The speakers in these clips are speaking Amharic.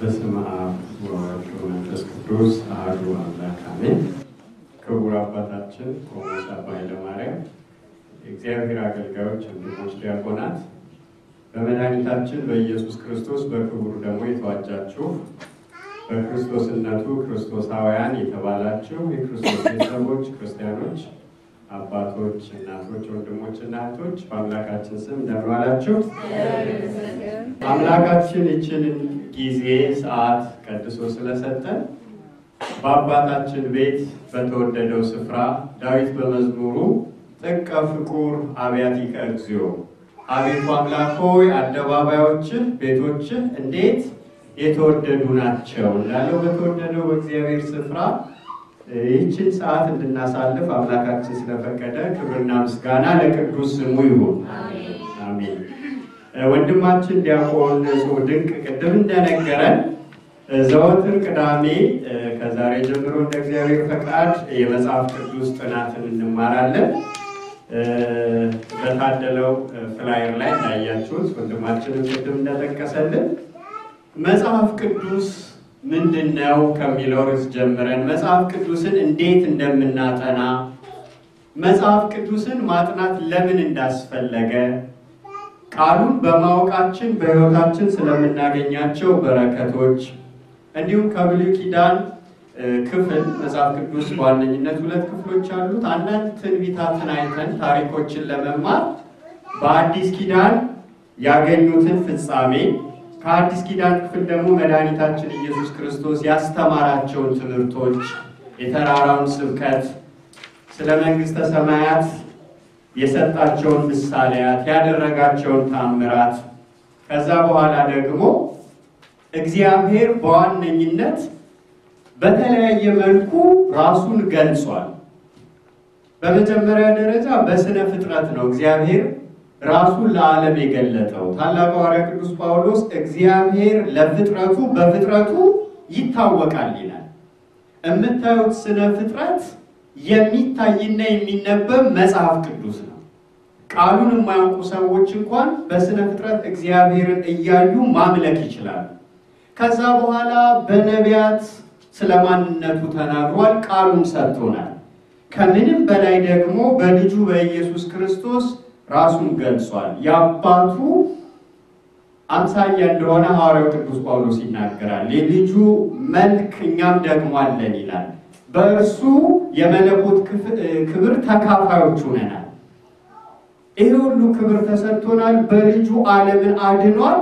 በስመ አብ ወወልድ ወመንፈስ ቅዱስ አሐዱ አምላክ አሜን። ክቡር አባታችን ቆሞስ አባ ኃይለማርያም የእግዚአብሔር አገልጋዮች፣ ወንድሞች ዲያቆናት፣ በመድኃኒታችን በኢየሱስ ክርስቶስ በክቡር ደግሞ የተዋጃችሁ በክርስቶስነቱ ክርስቶሳውያን የተባላችሁ የክርስቶስ ቤተሰቦች ክርስቲያኖች፣ አባቶች፣ እናቶች፣ ወንድሞች እና እህቶች በአምላካችን ስም እንደምን ዋላችሁ። አምላካችን ይችልን ጊዜ ሰዓት ቀድሶ ስለሰጠን በአባታችን ቤት በተወደደው ስፍራ ዳዊት በመዝሙሩ ጥቀ ፍቁር አብያቲከ እግዚኦ አቤቱ አምላክ ሆይ አደባባዮችህ ቤቶችህ እንዴት የተወደዱ ናቸው እንዳለው በተወደደው በእግዚአብሔር ስፍራ ይህችን ሰዓት እንድናሳልፍ አምላካችን ስለፈቀደ ክብርና ምስጋና ለቅዱስ ስሙ ይሁን። ወንድማችን ዲያቆን ሰው ድንቅ ቅድም እንደነገረን ዘወትር ቅዳሜ ከዛሬ ጀምሮ እንደ እግዚአብሔር ፈቃድ የመጽሐፍ ቅዱስ ጥናትን እንማራለን። በታደለው ፍላየር ላይ እንዳያችሁት ወንድማችንን ቅድም እንደጠቀሰልን መጽሐፍ ቅዱስ ምንድን ነው ከሚለው ርዕስ ጀምረን መጽሐፍ ቅዱስን እንዴት እንደምናጠና መጽሐፍ ቅዱስን ማጥናት ለምን እንዳስፈለገ ቃሉን በማወቃችን በሕይወታችን ስለምናገኛቸው በረከቶች እንዲሁም ከብሉይ ኪዳን ክፍል መጽሐፍ ቅዱስ በዋነኝነት ሁለት ክፍሎች አሉት። አንዳንድ ትንቢታትን አይተን ታሪኮችን ለመማር በአዲስ ኪዳን ያገኙትን ፍጻሜ ከአዲስ ኪዳን ክፍል ደግሞ መድኃኒታችን ኢየሱስ ክርስቶስ ያስተማራቸውን ትምህርቶች፣ የተራራውን ስብከት፣ ስለ መንግሥተ ሰማያት የሰጣቸውን ምሳሌያት ያደረጋቸውን ታምራት ከዛ በኋላ ደግሞ እግዚአብሔር በዋነኝነት በተለያየ መልኩ ራሱን ገልጿል። በመጀመሪያ ደረጃ በስነ ፍጥረት ነው እግዚአብሔር ራሱን ለዓለም የገለጠው። ታላቁ ሐዋርያ ቅዱስ ጳውሎስ እግዚአብሔር ለፍጥረቱ በፍጥረቱ ይታወቃል ይላል። የምታዩት ስነ ፍጥረት የሚታይና የሚነበብ መጽሐፍ ቅዱስ ነው። ቃሉን የማያውቁ ሰዎች እንኳን በስነ ፍጥረት እግዚአብሔርን እያዩ ማምለክ ይችላሉ። ከዛ በኋላ በነቢያት ስለ ማንነቱ ተናግሯል፣ ቃሉን ሰጥቶናል። ከምንም በላይ ደግሞ በልጁ በኢየሱስ ክርስቶስ ራሱን ገልጿል። የአባቱ አምሳያ እንደሆነ ሐዋርያው ቅዱስ ጳውሎስ ይናገራል። የልጁ መልክ እኛም ደግሞ አለን ይላል። በእርሱ የመለኮት ክብር ተካፋዮች ሆነናል። ይህ ሁሉ ክብር ተሰጥቶናል። በልጁ ዓለምን አድኗል።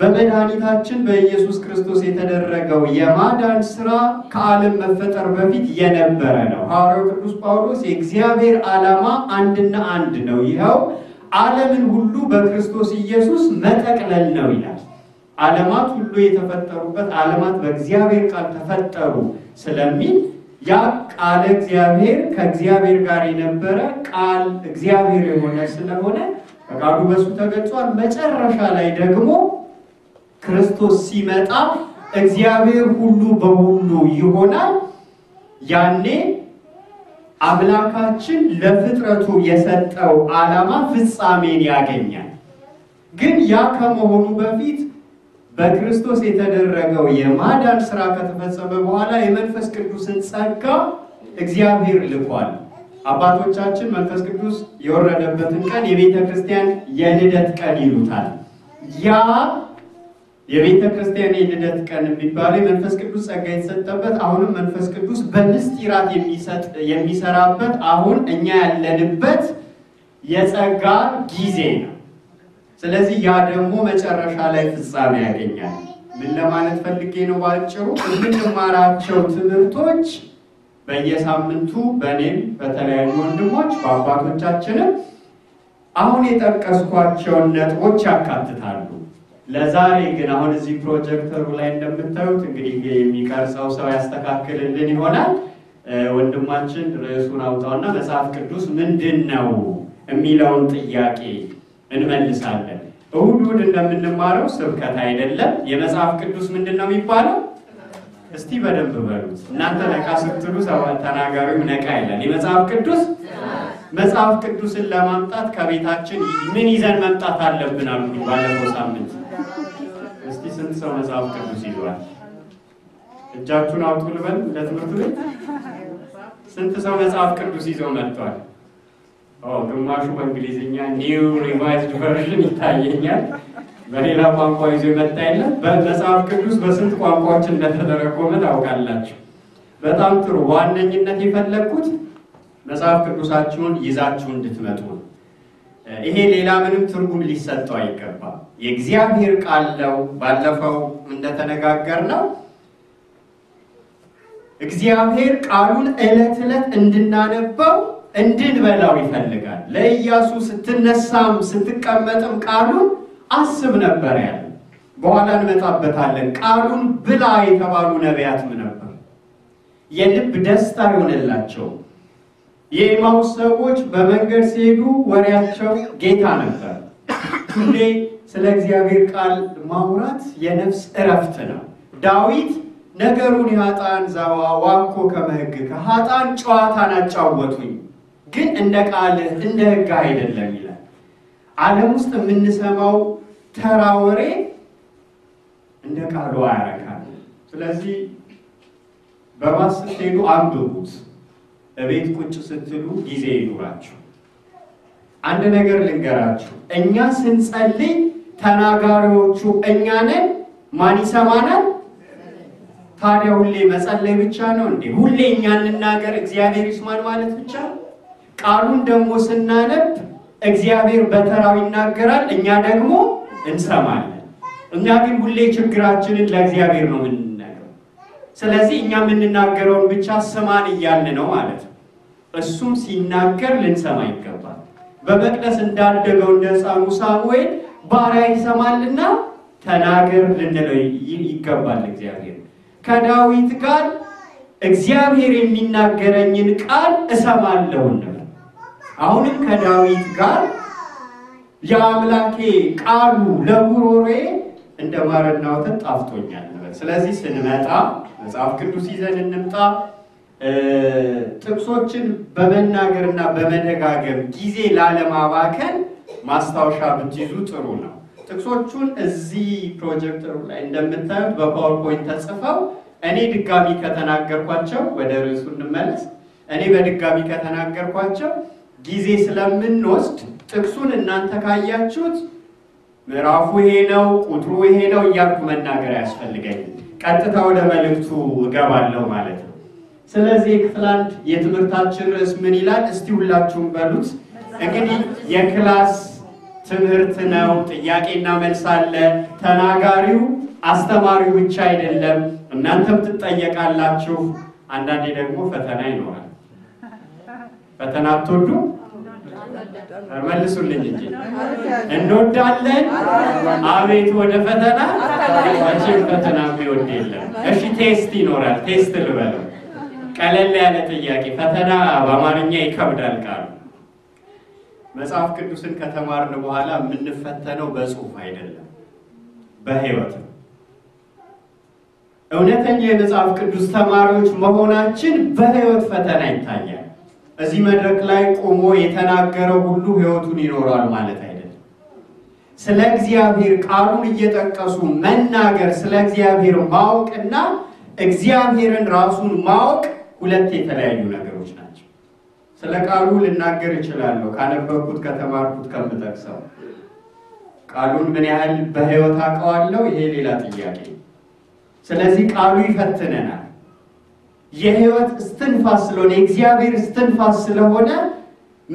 በመድኃኒታችን በኢየሱስ ክርስቶስ የተደረገው የማዳን ስራ ከዓለም መፈጠር በፊት የነበረ ነው። ሐዋርያው ቅዱስ ጳውሎስ የእግዚአብሔር ዓላማ አንድና አንድ ነው፣ ይኸው ዓለምን ሁሉ በክርስቶስ ኢየሱስ መጠቅለል ነው ይላል። ዓለማት ሁሉ የተፈጠሩበት ዓለማት በእግዚአብሔር ቃል ተፈጠሩ ስለሚል ያ ቃለ እግዚአብሔር ከእግዚአብሔር ጋር የነበረ ቃል እግዚአብሔር የሆነ ስለሆነ ፈቃዱ በሱ ተገልጿል። መጨረሻ ላይ ደግሞ ክርስቶስ ሲመጣ እግዚአብሔር ሁሉ በሁሉ ይሆናል። ያኔ አምላካችን ለፍጥረቱ የሰጠው ዓላማ ፍጻሜን ያገኛል። ግን ያ ከመሆኑ በፊት በክርስቶስ የተደረገው የማዳን ስራ ከተፈጸመ በኋላ የመንፈስ ቅዱስን ጸጋ እግዚአብሔር ልኳል። አባቶቻችን መንፈስ ቅዱስ የወረደበትን ቀን የቤተ ክርስቲያን የልደት ቀን ይሉታል። ያ የቤተ ክርስቲያን የልደት ቀን የሚባለው የመንፈስ ቅዱስ ጸጋ የተሰጠበት አሁንም መንፈስ ቅዱስ በምስጢራት የሚሰራበት አሁን እኛ ያለንበት የጸጋ ጊዜ ነው። ስለዚህ ያ ደግሞ መጨረሻ ላይ ፍጻሜ ያገኛል። ምን ለማለት ፈልጌ ነው? ባጭሩ የምንማራቸው ትምህርቶች በየሳምንቱ በእኔም በተለያዩ ወንድሞች በአባቶቻችንም አሁን የጠቀስኳቸውን ነጥቦች ያካትታሉ። ለዛሬ ግን አሁን እዚህ ፕሮጀክተሩ ላይ እንደምታዩት እንግዲህ የሚቀርጸው ሰው ያስተካክልልን ይሆናል። ወንድማችን ርዕሱን አውጣውና መጽሐፍ ቅዱስ ምንድን ነው የሚለውን ጥያቄ እንመልሳለን። እሁድ እሁድ እንደምንማረው ስብከት አይደለም። የመጽሐፍ ቅዱስ ምንድን ነው የሚባለው? እስቲ በደንብ በሉት እናንተ። ነቃ ስትሉ ተናጋሪው ነቃ ይላል። የመጽሐፍ ቅዱስ መጽሐፍ ቅዱስን ለማምጣት ከቤታችን ምን ይዘን መምጣት አለብን አሉ ባለፈው ሳምንት። እስቲ ስንት ሰው መጽሐፍ ቅዱስ ይዟል? እጃችሁን አውጡ ልበል ለትምህርት ቤት። ስንት ሰው መጽሐፍ ቅዱስ ይዘው መጥቷል? ግማሹ በእንግሊዝኛ ኒው ሪቫይዝድ ቨርዥን ይታየኛል። በሌላ ቋንቋ ይዞ የመጣ የለም። በመጽሐፍ ቅዱስ በስንት ቋንቋዎች እንደተተረጎመ ታውቃላችሁ? በጣም ጥሩ። ዋነኝነት የፈለግኩት መጽሐፍ ቅዱሳችሁን ይዛችሁ እንድትመጡ ነው። ይሄ ሌላ ምንም ትርጉም ሊሰጠው አይገባም። የእግዚአብሔር ቃል ነው። ባለፈው ነው። እግዚአብሔር ቃሉን ዕለት ዕለት እንድናነበው እንድንበላው ይፈልጋል። ለኢያሱ ስትነሳም ስትቀመጥም ቃሉን አስብ ነበር ያለ። በኋላ እንመጣበታለን። ቃሉን ብላ የተባሉ ነቢያትም ነበር። የልብ ደስታ ይሆንላቸው። የኤማውስ ሰዎች በመንገድ ሲሄዱ ወሬያቸው ጌታ ነበር። ሁሌ ስለ እግዚአብሔር ቃል ማውራት የነፍስ እረፍት ነው። ዳዊት ነገሩን የሀጣን ዛዋ ዋኮ ከመህግ ከሀጣን ጨዋታን አጫወቱኝ ግን እንደ ቃልህ እንደ ህግ አይደለም ይላል። ዓለም ውስጥ የምንሰማው ተራ ወሬ እንደ ቃሉ አያረካል። ስለዚህ በባስ ስትሄዱ አንብቡት። እቤት ቁጭ ስትሉ ጊዜ ይኑራችሁ። አንድ ነገር ልንገራችሁ፣ እኛ ስንጸልይ ተናጋሪዎቹ እኛ ነን። ማን ይሰማናል? ታዲያ ሁሌ መጸለይ ብቻ ነው እንዴ? ሁሌ እኛ እንናገር እግዚአብሔር ይስማን ማለት ብቻ ነው? ቃሉን ደግሞ ስናነብ እግዚአብሔር በተራው ይናገራል፣ እኛ ደግሞ እንሰማለን። እኛ ግን ሁሌ ችግራችንን ለእግዚአብሔር ነው የምንናገረው። ስለዚህ እኛ የምንናገረውን ብቻ ስማን እያለ ነው ማለት ነው። እሱም ሲናገር ልንሰማ ይገባል። በመቅደስ እንዳደገው እንደ ሕፃኑ ሳሙኤል ባሪያ ይሰማልና ተናገር ልንለው ይገባል። እግዚአብሔር ከዳዊት ጋር እግዚአብሔር የሚናገረኝን ቃል ነው። አሁንም ከዳዊት ጋር የአምላኬ ቃሉ ለጉሮሮዬ እንደ ማርና ወተት ጣፍጦኛል ነበር። ስለዚህ ስንመጣ መጽሐፍ ቅዱስ ይዘን እንምጣ። ጥቅሶችን በመናገርና በመደጋገም ጊዜ ላለማባከን ማስታወሻ ብትይዙ ጥሩ ነው። ጥቅሶቹን እዚህ ፕሮጀክተሩ ላይ እንደምታዩት በፓወርፖይንት ተጽፈው እኔ ድጋሚ ከተናገርኳቸው ወደ ርዕሱ እንመለስ። እኔ በድጋሚ ከተናገርኳቸው ጊዜ ስለምንወስድ ጥቅሱን እናንተ ካያችሁት ምዕራፉ ይሄ ነው፣ ቁጥሩ ይሄ ነው እያልኩ መናገር አያስፈልገኝ። ቀጥታ ወደ መልእክቱ እገባለሁ ማለት ነው። ስለዚህ ክፍል አንድ የትምህርታችን ርዕስ ምን ይላል? እስቲ ሁላችሁም በሉት። እንግዲህ የክላስ ትምህርት ነው። ጥያቄና መልስ አለ። ተናጋሪው አስተማሪው ብቻ አይደለም፣ እናንተም ትጠየቃላችሁ። አንዳንዴ ደግሞ ፈተና ይኖራል። ፈተና አትወዱ መልሱልኝ እንጂ እንወዳለን። አቤት ወደ ፈተና መቼም ፈተና የሚወድ የለም። እሺ ቴስት ይኖራል። ቴስት ልበለው፣ ቀለል ያለ ጥያቄ። ፈተና በአማርኛ ይከብዳል ቃሉ። መጽሐፍ ቅዱስን ከተማርን በኋላ የምንፈተነው በጽሁፍ አይደለም፣ በህይወት ነው። እውነተኛ የመጽሐፍ ቅዱስ ተማሪዎች መሆናችን በህይወት ፈተና ይታያል። እዚህ መድረክ ላይ ቆሞ የተናገረው ሁሉ ህይወቱን ይኖራል ማለት አይደለም። ስለ እግዚአብሔር ቃሉን እየጠቀሱ መናገር፣ ስለ እግዚአብሔር ማወቅና እግዚአብሔርን ራሱን ማወቅ ሁለት የተለያዩ ነገሮች ናቸው። ስለ ቃሉ ልናገር እችላለሁ ካነበብኩት፣ ከተማርኩት፣ ከምጠቅሰው ቃሉን ምን ያህል በህይወት አውቀዋለሁ፣ ይሄ ሌላ ጥያቄ። ስለዚህ ቃሉ ይፈትነናል። የህይወት እስትንፋስ ስለሆነ የእግዚአብሔር እስትንፋስ ስለሆነ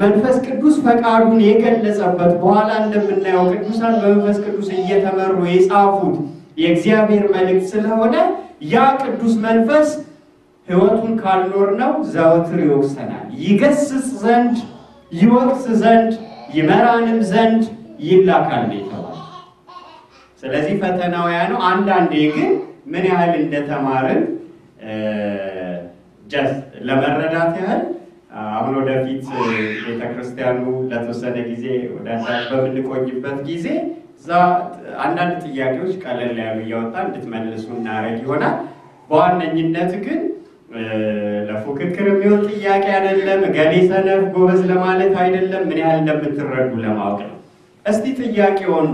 መንፈስ ቅዱስ ፈቃዱን የገለጸበት በኋላ እንደምናየው ቅዱሳን በመንፈስ ቅዱስ እየተመሩ የጻፉት የእግዚአብሔር መልእክት ስለሆነ ያ ቅዱስ መንፈስ ህይወቱን ካልኖር ነው ዘወትር ይወቅሰናል። ይገስጽ ዘንድ ይወቅስ ዘንድ ይመራንም ዘንድ ይላካል ይተዋል። ስለዚህ ፈተናው ያ ነው። አንዳንዴ ግን ምን ያህል እንደተማርን ጀስት ለመረዳት ያህል አሁን ወደፊት ቤተክርስቲያኑ ለተወሰነ ጊዜ ወደ በምንቆይበት ጊዜ እዛ አንዳንድ ጥያቄዎች ቀለል ያሉ እያወጣ እንድትመልሱ እናደርግ ይሆናል። በዋነኝነት ግን ለፉክክር የሚሆን ጥያቄ አይደለም። እገሌ ሰነፍ ጎበዝ ለማለት አይደለም። ምን ያህል እንደምትረዱ ለማወቅ ነው። እስቲ ጥያቄውን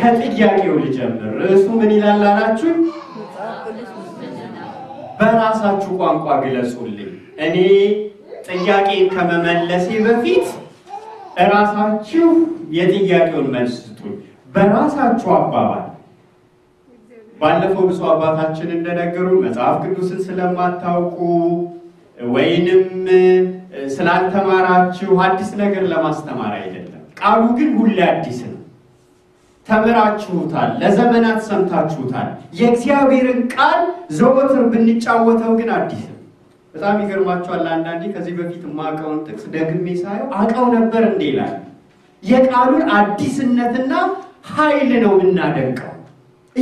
ከጥያቄው ልጀምር። ርዕሱ ምን ይላል አላችሁ? በራሳችሁ ቋንቋ ግለጹልኝ። እኔ ጥያቄ ከመመለሴ በፊት እራሳችሁ የጥያቄውን መልስ ስጡኝ በራሳችሁ አባባል። ባለፈው ብፁዕ አባታችን እንደነገሩ መጽሐፍ ቅዱስን ስለማታውቁ ወይንም ስላልተማራችሁ አዲስ ነገር ለማስተማር አይደለም። ቃሉ ግን ሁሌ አዲስ ነው። ተምራችሁታል፣ ለዘመናት ሰምታችሁታል። የእግዚአብሔርን ቃል ዘወትር ብንጫወተው ግን አዲስ በጣም ይገርማችኋል። አንዳንዴ ከዚህ በፊት የማውቀውን ጥቅስ ደግሜ ሳየው አውቀው ነበር እንዴ ይላል። የቃሉን አዲስነትና ኃይል ነው የምናደንቀው።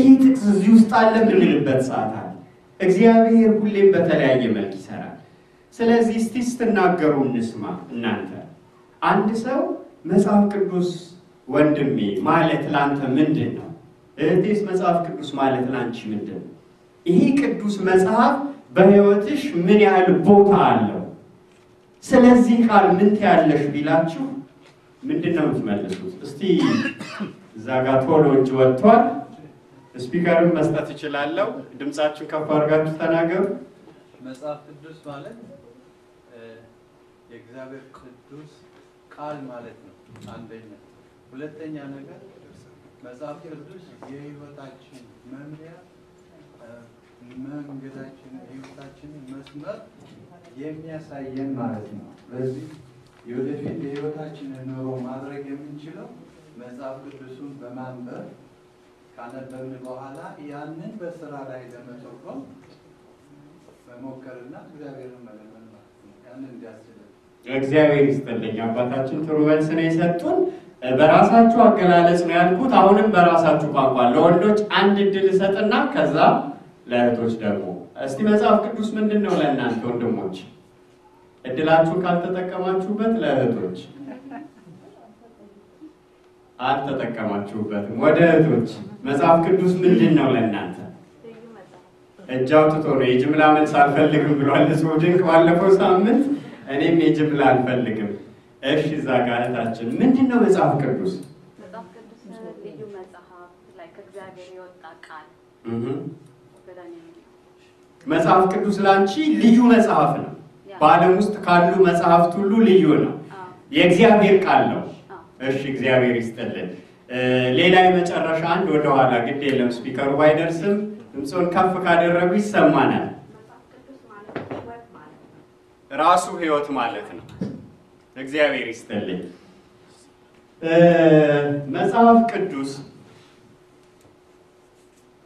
ይህ ጥቅስ እዚህ ውስጥ አለ የምንልበት ሰዓት አለ። እግዚአብሔር ሁሌም በተለያየ መልክ ይሰራል። ስለዚህ እስቲ ስትናገሩ እንስማ። እናንተ አንድ ሰው መጽሐፍ ቅዱስ ወንድሜ ማለት ላንተ ምንድን ነው? እህቴስ መጽሐፍ ቅዱስ ማለት ላንቺ ምንድን ነው? ይህ ቅዱስ መጽሐፍ በህይወትሽ ምን ያህል ቦታ አለው? ስለዚህ ቃል ምን ትያለሽ ቢላችሁ ምንድን ነው የምትመልሱት? እስቲ እዛ ጋር ቶሎ እጅ ወጥቷል። ስፒከርን መስጠት እችላለሁ። ድምፃችን ከፍ አድርጋችሁ ተናገሩ። መጽሐፍ ቅዱስ ማለት የእግዚአብሔር ቅዱስ ቃል ማለት ነው። አንደኛ ሁለተኛ ነገር መጽሐፍ ቅዱስ የህይወታችን መምሪያ መንገዳችን የህይወታችን መስመር የሚያሳየን ማለት ነው። በዚህ የወደፊት የህይወታችን ኑሮ ማድረግ የምንችለው መጽሐፍ ቅዱሱን በማንበብ ካነበብን በኋላ ያንን በስራ ላይ ለመተርጎም መሞከርና እግዚአብሔርን መለመን ማለት ነው። ያንን እንዲያስችለን እግዚአብሔር ይስጥልኝ። አባታችን ጥሩ መልስ ነው የሰጡን። በራሳችሁ አገላለጽ ነው ያልኩት። አሁንም በራሳችሁ ቋንቋ ለወንዶች አንድ እድል እሰጥና ከዛ ለእህቶች ደግሞ እስቲ መጽሐፍ ቅዱስ ምንድን ነው ለእናንተ ወንድሞች? እድላችሁን ካልተጠቀማችሁበት ለእህቶች አልተጠቀማችሁበትም። ወደ እህቶች መጽሐፍ ቅዱስ ምንድን ነው ለእናንተ? እጅ አውጥቶ ነው የጅምላ መልስ አልፈልግም ብሏል። ሰው ድንቅ ባለፈው ሳምንት እኔም የጅምላ አልፈልግም እሺ፣ እዛ ጋለታችን ምንድን ነው መጽሐፍ ቅዱስ? መጽሐፍ ቅዱስ ልዩ መጽሐፍ ላይ ከእግዚአብሔር የወጣ ቃል መጽሐፍ ቅዱስ ላንቺ ልዩ መጽሐፍ ነው። በአለም ውስጥ ካሉ መጽሐፍት ሁሉ ልዩ ነው። የእግዚአብሔር ቃል ነው። እሺ፣ እግዚአብሔር ይስጥልን። ሌላ የመጨረሻ አንድ ወደኋላ ግድ የለም ስፒከሩ ባይደርስም ድምፆን ከፍ ካደረጉ ይሰማናል። ራሱ ህይወት ማለት ነው። እግዚአብሔር ይስጥልኝ። መጽሐፍ ቅዱስ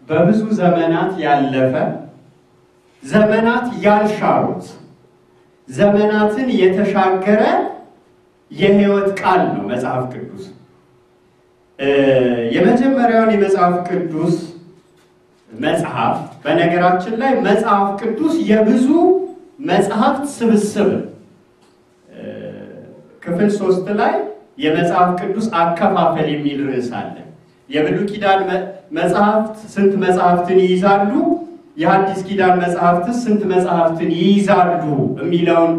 በብዙ ዘመናት ያለፈ ዘመናት ያልሻሩት ዘመናትን የተሻገረ የሕይወት ቃል ነው መጽሐፍ ቅዱስ። የመጀመሪያውን የመጽሐፍ ቅዱስ መጽሐፍ በነገራችን ላይ መጽሐፍ ቅዱስ የብዙ መጽሐፍት ስብስብ ነው። ክፍል ሶስት ላይ የመጽሐፍ ቅዱስ አከፋፈል የሚል ርዕስ አለ። የብሉይ ኪዳን መጽሐፍት ስንት መጽሐፍትን ይይዛሉ? የሐዲስ ኪዳን መጽሐፍት ስንት መጽሐፍትን ይይዛሉ? የሚለውን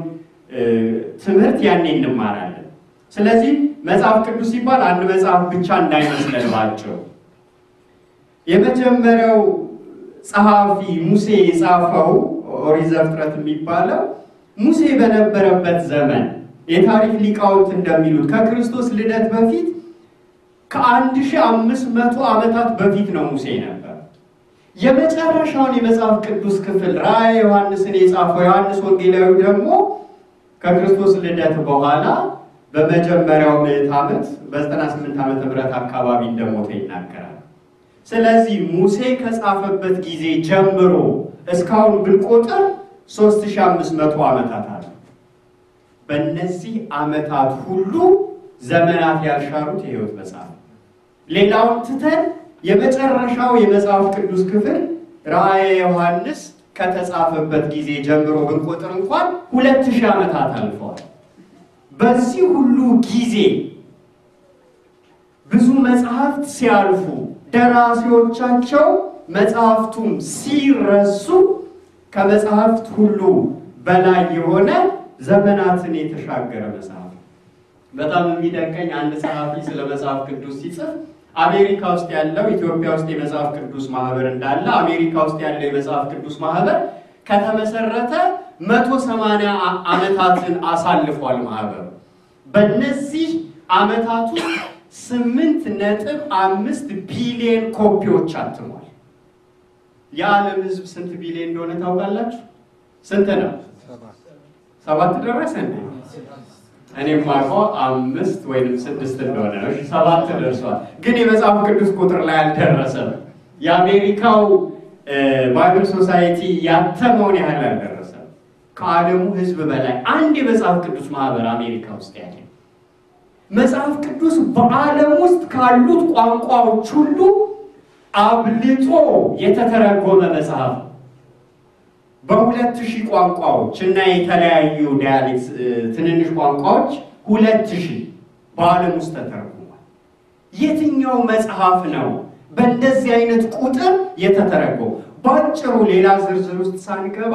ትምህርት ያኔ እንማራለን። ስለዚህ መጽሐፍ ቅዱስ ሲባል አንድ መጽሐፍ ብቻ እንዳይመስለባቸው የመጀመሪያው ጸሐፊ ሙሴ የጻፈው ኦሪት ዘፍጥረት የሚባለው ሙሴ በነበረበት ዘመን የታሪክ ሊቃውንት እንደሚሉት ከክርስቶስ ልደት በፊት ከ1500 ዓመታት በፊት ነው ሙሴ ነበር። የመጨረሻውን የመጽሐፍ ቅዱስ ክፍል ራዕየ ዮሐንስን የጻፈው ዮሐንስ ወንጌላዊ ደግሞ ከክርስቶስ ልደት በኋላ በመጀመሪያው ምዕት ዓመት በ98 ዓመተ ምህረት አካባቢ እንደሞተ ይናገራል። ስለዚህ ሙሴ ከጻፈበት ጊዜ ጀምሮ እስካሁን ብንቆጥር 3500 ዓመታት አለ። በእነዚህ ዓመታት ሁሉ ዘመናት ያልሻሩት የህይወት መጽሐፍ ሌላውን ትተን የመጨረሻው የመጽሐፍ ቅዱስ ክፍል ራእየ ዮሐንስ ከተጻፈበት ጊዜ ጀምሮ ብንቆጥር እንኳን ሁለት ሺህ ዓመታት አልፈዋል። በዚህ ሁሉ ጊዜ ብዙ መጽሐፍት ሲያልፉ ደራሲዎቻቸው መጽሐፍቱም ሲረሱ ከመጽሐፍት ሁሉ በላይ የሆነ ዘመናትን የተሻገረ መጽሐፍ በጣም የሚደቀኝ አንድ ጸሐፊ ስለ መጽሐፍ ቅዱስ ሲጽፍ አሜሪካ ውስጥ ያለው ኢትዮጵያ ውስጥ የመጽሐፍ ቅዱስ ማህበር እንዳለ አሜሪካ ውስጥ ያለው የመጽሐፍ ቅዱስ ማህበር ከተመሰረተ መቶ ሰማንያ ዓመታትን አሳልፏል። ማህበሩ በእነዚህ ዓመታቱ ስምንት ነጥብ አምስት ቢሊዮን ኮፒዎች አትሟል። የዓለም ህዝብ ስንት ቢሊዮን እንደሆነ ታውቃላችሁ? ስንት ነው? ሰባት ደረሰ እንዴ? እኔ ማቆ አምስት ወይንም ስድስት እንደሆነ ነው። ሰባት ደርሷል፣ ግን የመጽሐፍ ቅዱስ ቁጥር ላይ አልደረሰም። የአሜሪካው ባይብል ሶሳይቲ ያተመውን ያህል አልደረሰም። ከዓለሙ ሕዝብ በላይ አንድ የመጽሐፍ ቅዱስ ማህበር አሜሪካ ውስጥ ያለ መጽሐፍ ቅዱስ በዓለም ውስጥ ካሉት ቋንቋዎች ሁሉ አብልጦ የተተረጎመ መጽሐፍ በሁለት ሺህ ቋንቋዎች እና የተለያዩ ዳያሌክት ትንንሽ ቋንቋዎች ሁለት ሺህ በዓለም ውስጥ ተተርጉሟል። የትኛው መጽሐፍ ነው በእንደዚህ አይነት ቁጥር የተተረጎመው? በአጭሩ ሌላ ዝርዝር ውስጥ ሳንገባ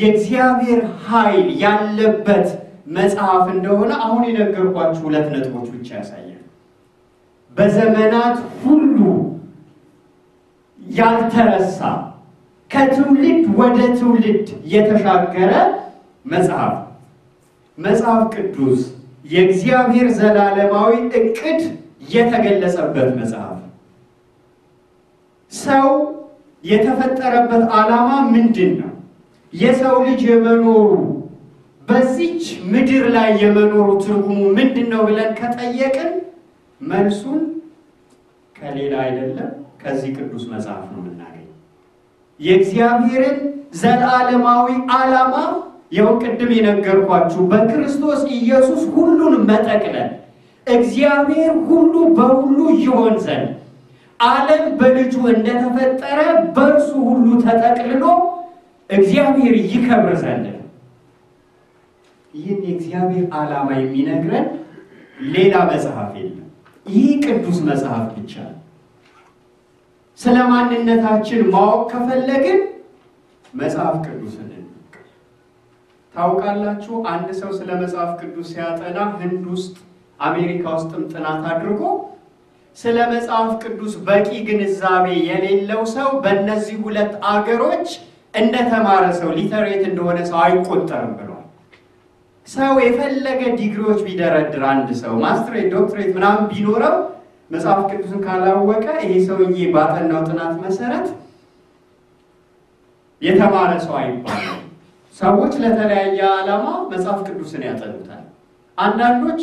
የእግዚአብሔር ኃይል ያለበት መጽሐፍ እንደሆነ አሁን የነገርኳችሁ ሁለት ነጥቦች ብቻ ያሳያል። በዘመናት ሁሉ ያልተረሳ ከትውልድ ወደ ትውልድ የተሻገረ መጽሐፍ መጽሐፍ ቅዱስ የእግዚአብሔር ዘላለማዊ እቅድ የተገለጸበት መጽሐፍ ሰው የተፈጠረበት ዓላማ ምንድን ነው? የሰው ልጅ የመኖሩ በዚች ምድር ላይ የመኖሩ ትርጉሙ ምንድን ነው ብለን ከጠየቅን መልሱን ከሌላ አይደለም ከዚህ ቅዱስ መጽሐፍ ነው የምናገኘው። የእግዚአብሔርን ዘላለማዊ ዓላማ ያው ቅድም የነገርኳችሁ በክርስቶስ ኢየሱስ ሁሉን መጠቅለል እግዚአብሔር ሁሉ በሁሉ ይሆን ዘንድ ዓለም በልጁ እንደተፈጠረ በእርሱ ሁሉ ተጠቅልሎ እግዚአብሔር ይከብር ዘንድ ይህን የእግዚአብሔር ዓላማ የሚነግረን ሌላ መጽሐፍ የለም። ይህ ቅዱስ መጽሐፍ ብቻ ነው። ስለ ማንነታችን ማወቅ ከፈለግን መጽሐፍ ቅዱስን ታውቃላችሁ። አንድ ሰው ስለ መጽሐፍ ቅዱስ ሲያጠና ህንድ ውስጥ አሜሪካ ውስጥም ጥናት አድርጎ ስለ መጽሐፍ ቅዱስ በቂ ግንዛቤ የሌለው ሰው በእነዚህ ሁለት አገሮች እንደተማረ ሰው ሊተሬት እንደሆነ ሰው አይቆጠርም ብሏል። ሰው የፈለገ ዲግሪዎች ቢደረድር አንድ ሰው ማስትሬት፣ ዶክትሬት ምናምን ቢኖረው መጽሐፍ ቅዱስን ካላወቀ ይሄ ሰውዬ ባጠናው ጥናት መሰረት የተማረ ሰው አይባልም። ሰዎች ለተለያየ ዓላማ መጽሐፍ ቅዱስን ያጠኑታል። አንዳንዶች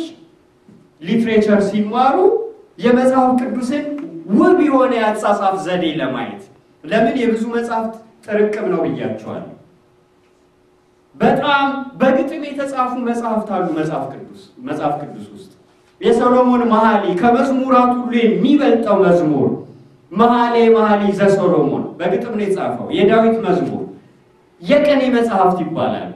ሊትሬቸር ሲማሩ የመጽሐፍ ቅዱስን ውብ የሆነ የአጻጻፍ ዘዴ ለማየት ለምን የብዙ መጽሐፍት ጥርቅም ነው ብያቸዋል? በጣም በግጥም የተጻፉ መጽሐፍት አሉ መጽሐፍ ቅዱስ መጽሐፍ ቅዱስ ውስጥ የሰሎሞን መሐሊ ከመዝሙራት ሁሉ የሚበልጠው መዝሙር መሐሌ መሐሊ ዘሰሎሞን በግጥም ነው የጻፈው የዳዊት መዝሙር የቅኔ መጽሐፍት ይባላል።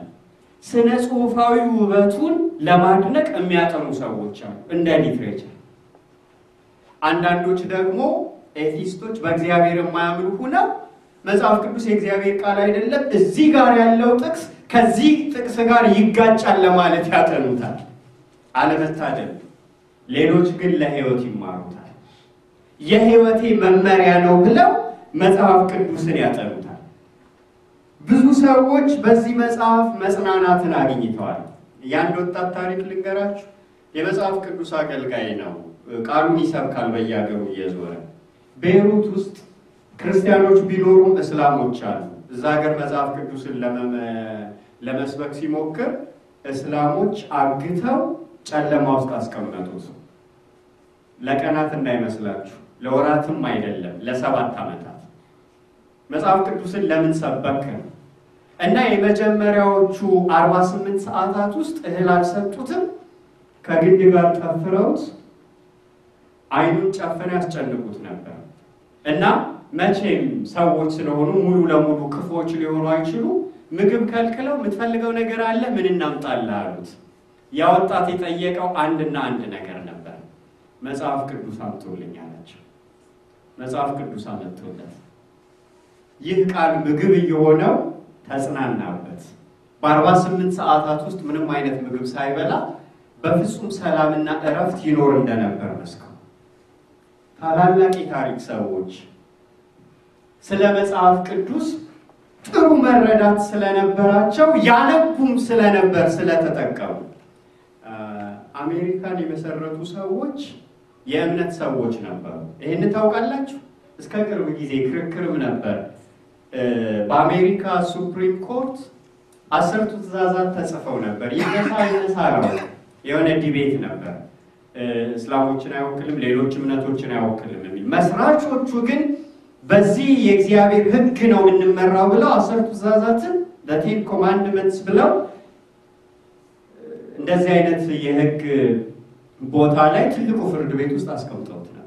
ስነ ጽሁፋዊ ውበቱን ለማድነቅ የሚያጠኑ ሰዎች አሉ፣ እንደ ሊትሬቸር። አንዳንዶች ደግሞ ኤቲስቶች በእግዚአብሔር የማያምኑ ሁነው መጽሐፍ ቅዱስ የእግዚአብሔር ቃል አይደለም፣ እዚህ ጋር ያለው ጥቅስ ከዚህ ጥቅስ ጋር ይጋጫል ለማለት ያጠኑታል። አለመታደል ሌሎች ግን ለህይወት ይማሩታል። የህይወቴ መመሪያ ነው ብለው መጽሐፍ ቅዱስን ያጠኑታል። ብዙ ሰዎች በዚህ መጽሐፍ መጽናናትን አግኝተዋል። የአንድ ወጣት ታሪክ ልንገራችሁ። የመጽሐፍ ቅዱስ አገልጋይ ነው። ቃሉን ይሰብካል በያገሩ እየዞረ ቤይሩት ውስጥ ክርስቲያኖች ቢኖሩም እስላሞች አሉ። እዛ ሀገር መጽሐፍ ቅዱስን ለመስበክ ሲሞክር እስላሞች አግተው ጨለማ ውስጥ አስቀመጡት። ለቀናት እንዳይመስላችሁ ለወራትም አይደለም፣ ለሰባት ዓመታት። መጽሐፍ ቅዱስን ለምን ሰበክ ነው እና የመጀመሪያዎቹ 48 ሰዓታት ውስጥ እህል አልሰጡትም። ከግንድ ጋር ጠፍረውት አይኑን ጨፍነው ያስጨንቁት ነበር እና መቼም ሰዎች ስለሆኑ ሙሉ ለሙሉ ክፉዎች ሊሆኑ አይችሉ። ምግብ ከልክለው የምትፈልገው ነገር አለ ምን እናምጣልህ አሉት። ያወጣት የጠየቀው አንድና አንድ ነገር ነው መጽሐፍ ቅዱስ አምጥቶልኝ አለችው። መጽሐፍ ቅዱስ አመጥቶለት ይህ ቃል ምግብ እየሆነው ተጽናናበት። በአርባ ስምንት ሰዓታት ውስጥ ምንም አይነት ምግብ ሳይበላ በፍጹም ሰላምና እረፍት ይኖር እንደነበር መስከው። ታላላቅ የታሪክ ሰዎች ስለ መጽሐፍ ቅዱስ ጥሩ መረዳት ስለነበራቸው ያነቡም ስለነበር ስለተጠቀሙ አሜሪካን የመሰረቱ ሰዎች የእምነት ሰዎች ነበሩ። ይህን ታውቃላችሁ? እስከ ቅርብ ጊዜ ክርክርም ነበር። በአሜሪካ ሱፕሪም ኮርት አስርቱ ትእዛዛት ተጽፈው ነበር። ይነሳ ይነሳ የሆነ ዲቤት ነበር። እስላሞችን አይወክልም፣ ሌሎች እምነቶችን አይወክልም የሚል መስራቾቹ ግን በዚህ የእግዚአብሔር ሕግ ነው የምንመራው ብለው አስርቱ ትእዛዛትን ለቴን ኮማንድመንትስ ብለው እንደዚህ አይነት የሕግ ቦታ ላይ ትልቁ ፍርድ ቤት ውስጥ አስቀምጠውት ነበር።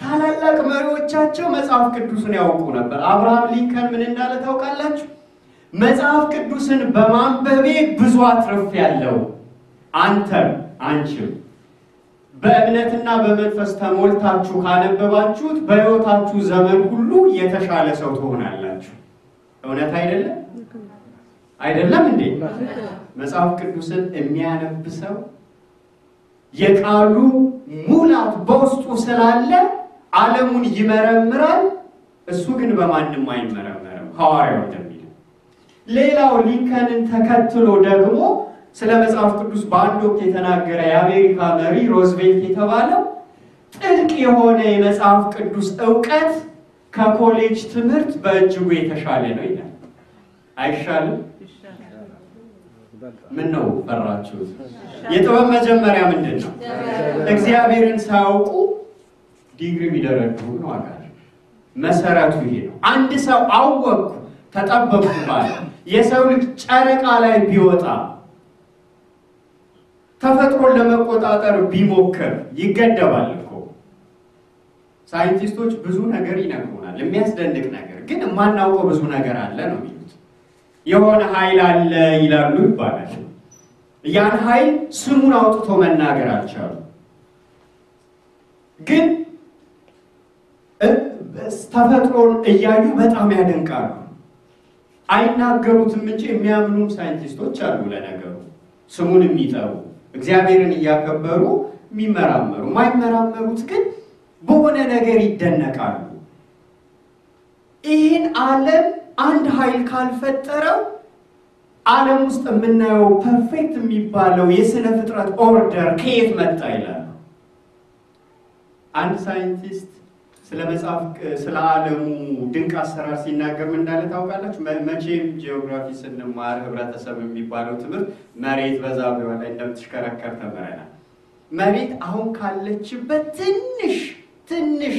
ታላላቅ መሪዎቻቸው መጽሐፍ ቅዱስን ያውቁ ነበር። አብርሃም ሊንከን ምን እንዳለ ታውቃላችሁ? መጽሐፍ ቅዱስን በማንበቤ ብዙ አትርፍ ያለው አንተም አንቺም በእምነትና በመንፈስ ተሞልታችሁ ካነበባችሁት በሕይወታችሁ ዘመን ሁሉ የተሻለ ሰው ትሆናላችሁ። እውነት አይደለም አይደለም እንዴ? መጽሐፍ ቅዱስን የሚያነብ ሰው የቃሉ ሙላት በውስጡ ስላለ ዓለሙን ይመረምራል። እሱ ግን በማንም አይመረመርም ሐዋርያው እንደሚል። ሌላው ሊንከንን ተከትሎ ደግሞ ስለ መጽሐፍ ቅዱስ በአንድ ወቅት የተናገረ የአሜሪካ መሪ ሮዝቬልት የተባለው ጥልቅ የሆነ የመጽሐፍ ቅዱስ እውቀት ከኮሌጅ ትምህርት በእጅጉ የተሻለ ነው ይላል። አይሻልም? ምን ነው ፈራችሁት? የጥበብ መጀመሪያ ምንድን ነው? እግዚአብሔርን ሳያውቁ ዲግሪ የሚደረጉ ነው አካል መሰረቱ ይሄ ነው። አንድ ሰው አወቅኩ ተጠበቅኩ ባለ የሰው ልጅ ጨረቃ ላይ ቢወጣ ተፈጥሮን ለመቆጣጠር ቢሞክር ይገደባል እኮ። ሳይንቲስቶች ብዙ ነገር ይነግሩናል፣ የሚያስደንቅ ነገር ግን የማናውቀው ብዙ ነገር አለ ነው የሆነ ኃይል አለ ይላሉ ይባላል። ያን ኃይል ስሙን አውጥቶ መናገር አልቻሉ። ግን ተፈጥሮን እያዩ በጣም ያደንቃሉ። አይናገሩትም እንጂ የሚያምኑም ሳይንቲስቶች አሉ። ለነገሩ ስሙን የሚጠሩ እግዚአብሔርን እያከበሩ የሚመራመሩ ማይመራመሩት ግን በሆነ ነገር ይደነቃሉ። ይህን ዓለም አንድ ኃይል ካልፈጠረው ዓለም ውስጥ የምናየው ፐርፌክት የሚባለው የስነ ፍጥረት ኦርደር ከየት መጣ ይላሉ። አንድ ሳይንቲስት ስለ መጽሐፍ ስለ ዓለሙ ድንቅ አሰራር ሲናገር ምን እንዳለ ታውቃላችሁ? መቼም ጂኦግራፊ ስንማር ህብረተሰብ የሚባለው ትምህርት መሬት በዛ ቢሆን ላይ እንደምትሽከረከር ተምረናል። መሬት አሁን ካለችበት ትንሽ ትንሽ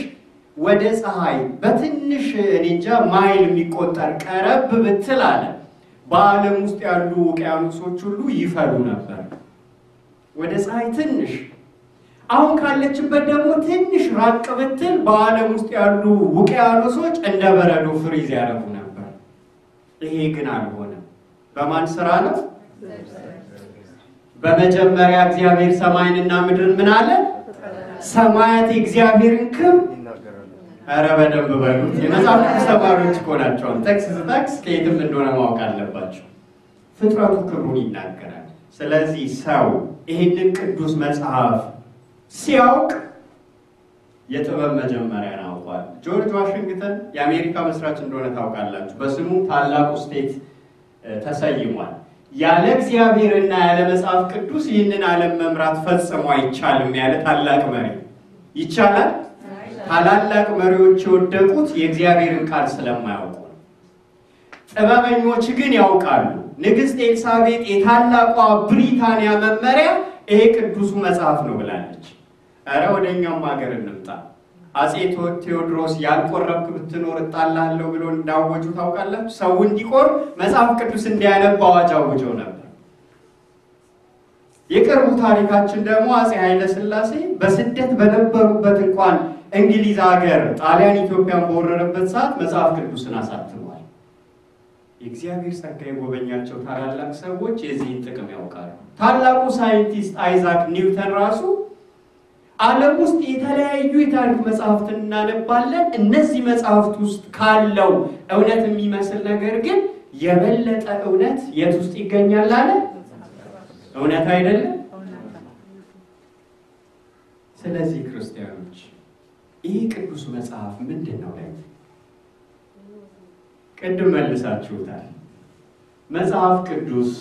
ወደ ፀሐይ በትንሽ እንጃ ማይል የሚቆጠር ቀረብ ብትል አለ በዓለም ውስጥ ያሉ ውቅያኖሶች ሁሉ ይፈሉ ነበር። ወደ ፀሐይ ትንሽ አሁን ካለችበት ደግሞ ትንሽ ራቅ ብትል በዓለም ውስጥ ያሉ ውቅያኖሶች እንደ በረዶ ፍሪዝ ያደረጉ ነበር። ይሄ ግን አልሆነም። በማን ስራ ነው? በመጀመሪያ እግዚአብሔር ሰማይንና ምድርን ምን አለ? ሰማያት የእግዚአብሔርን ክብ ኧረ በደንብ በሉት። የመጽሐፍ ቅዱስ ተማሪዎች እኮ ናቸው። ጥቅስ ስጠቅስ ከየትም እንደሆነ ማወቅ አለባቸው። ፍጥረቱ ክብሩን ይናገራል። ስለዚህ ሰው ይህንን ቅዱስ መጽሐፍ ሲያውቅ የጥበብ መጀመሪያ አውቋል። ጆርጅ ዋሽንግተን የአሜሪካ መስራች እንደሆነ ታውቃላችሁ። በስሙ ታላቁ ስቴት ተሰይሟል። ያለ እግዚአብሔርና ያለ መጽሐፍ ቅዱስ ይህንን ዓለም መምራት ፈጽሞ አይቻልም ያለ ታላቅ መሪ ይቻላል ታላላቅ መሪዎች የወደቁት የእግዚአብሔርን ቃል ስለማያውቁ ነው። ጥበበኞች ግን ያውቃሉ። ንግሥት ኤልሳቤጥ የታላቋ ብሪታንያ መመሪያ ይሄ ቅዱሱ መጽሐፍ ነው ብላለች። እረ ወደ እኛም ሀገር እንምጣ። አጼ ቴዎድሮስ ያልቆረብክ ብትኖር እጣላለሁ ብሎ እንዳወጁ ታውቃላችሁ። ሰው እንዲቆር መጽሐፍ ቅዱስ እንዲያነብ አዋጅ አውጀው ነበር። የቅርቡ ታሪካችን ደግሞ አጼ ኃይለ ሥላሴ በስደት በነበሩበት እንኳን እንግሊዝ ሀገር ጣሊያን ኢትዮጵያን በወረረበት ሰዓት መጽሐፍ ቅዱስን አሳትሟል። የእግዚአብሔር ጸጋ የጎበኛቸው ታላላቅ ሰዎች የዚህን ጥቅም ያውቃሉ። ታላቁ ሳይንቲስት አይዛክ ኒውተን ራሱ ዓለም ውስጥ የተለያዩ የታሪክ መጽሐፍትን እናነባለን። እነዚህ መጽሐፍት ውስጥ ካለው እውነት የሚመስል ነገር ግን የበለጠ እውነት የት ውስጥ ይገኛል አለ። እውነት አይደለም? ስለዚህ ክርስቲያኖች ይህ ቅዱስ መጽሐፍ ምንድን ነው ላይ ቅድም መልሳችሁታል። መጽሐፍ ቅዱስ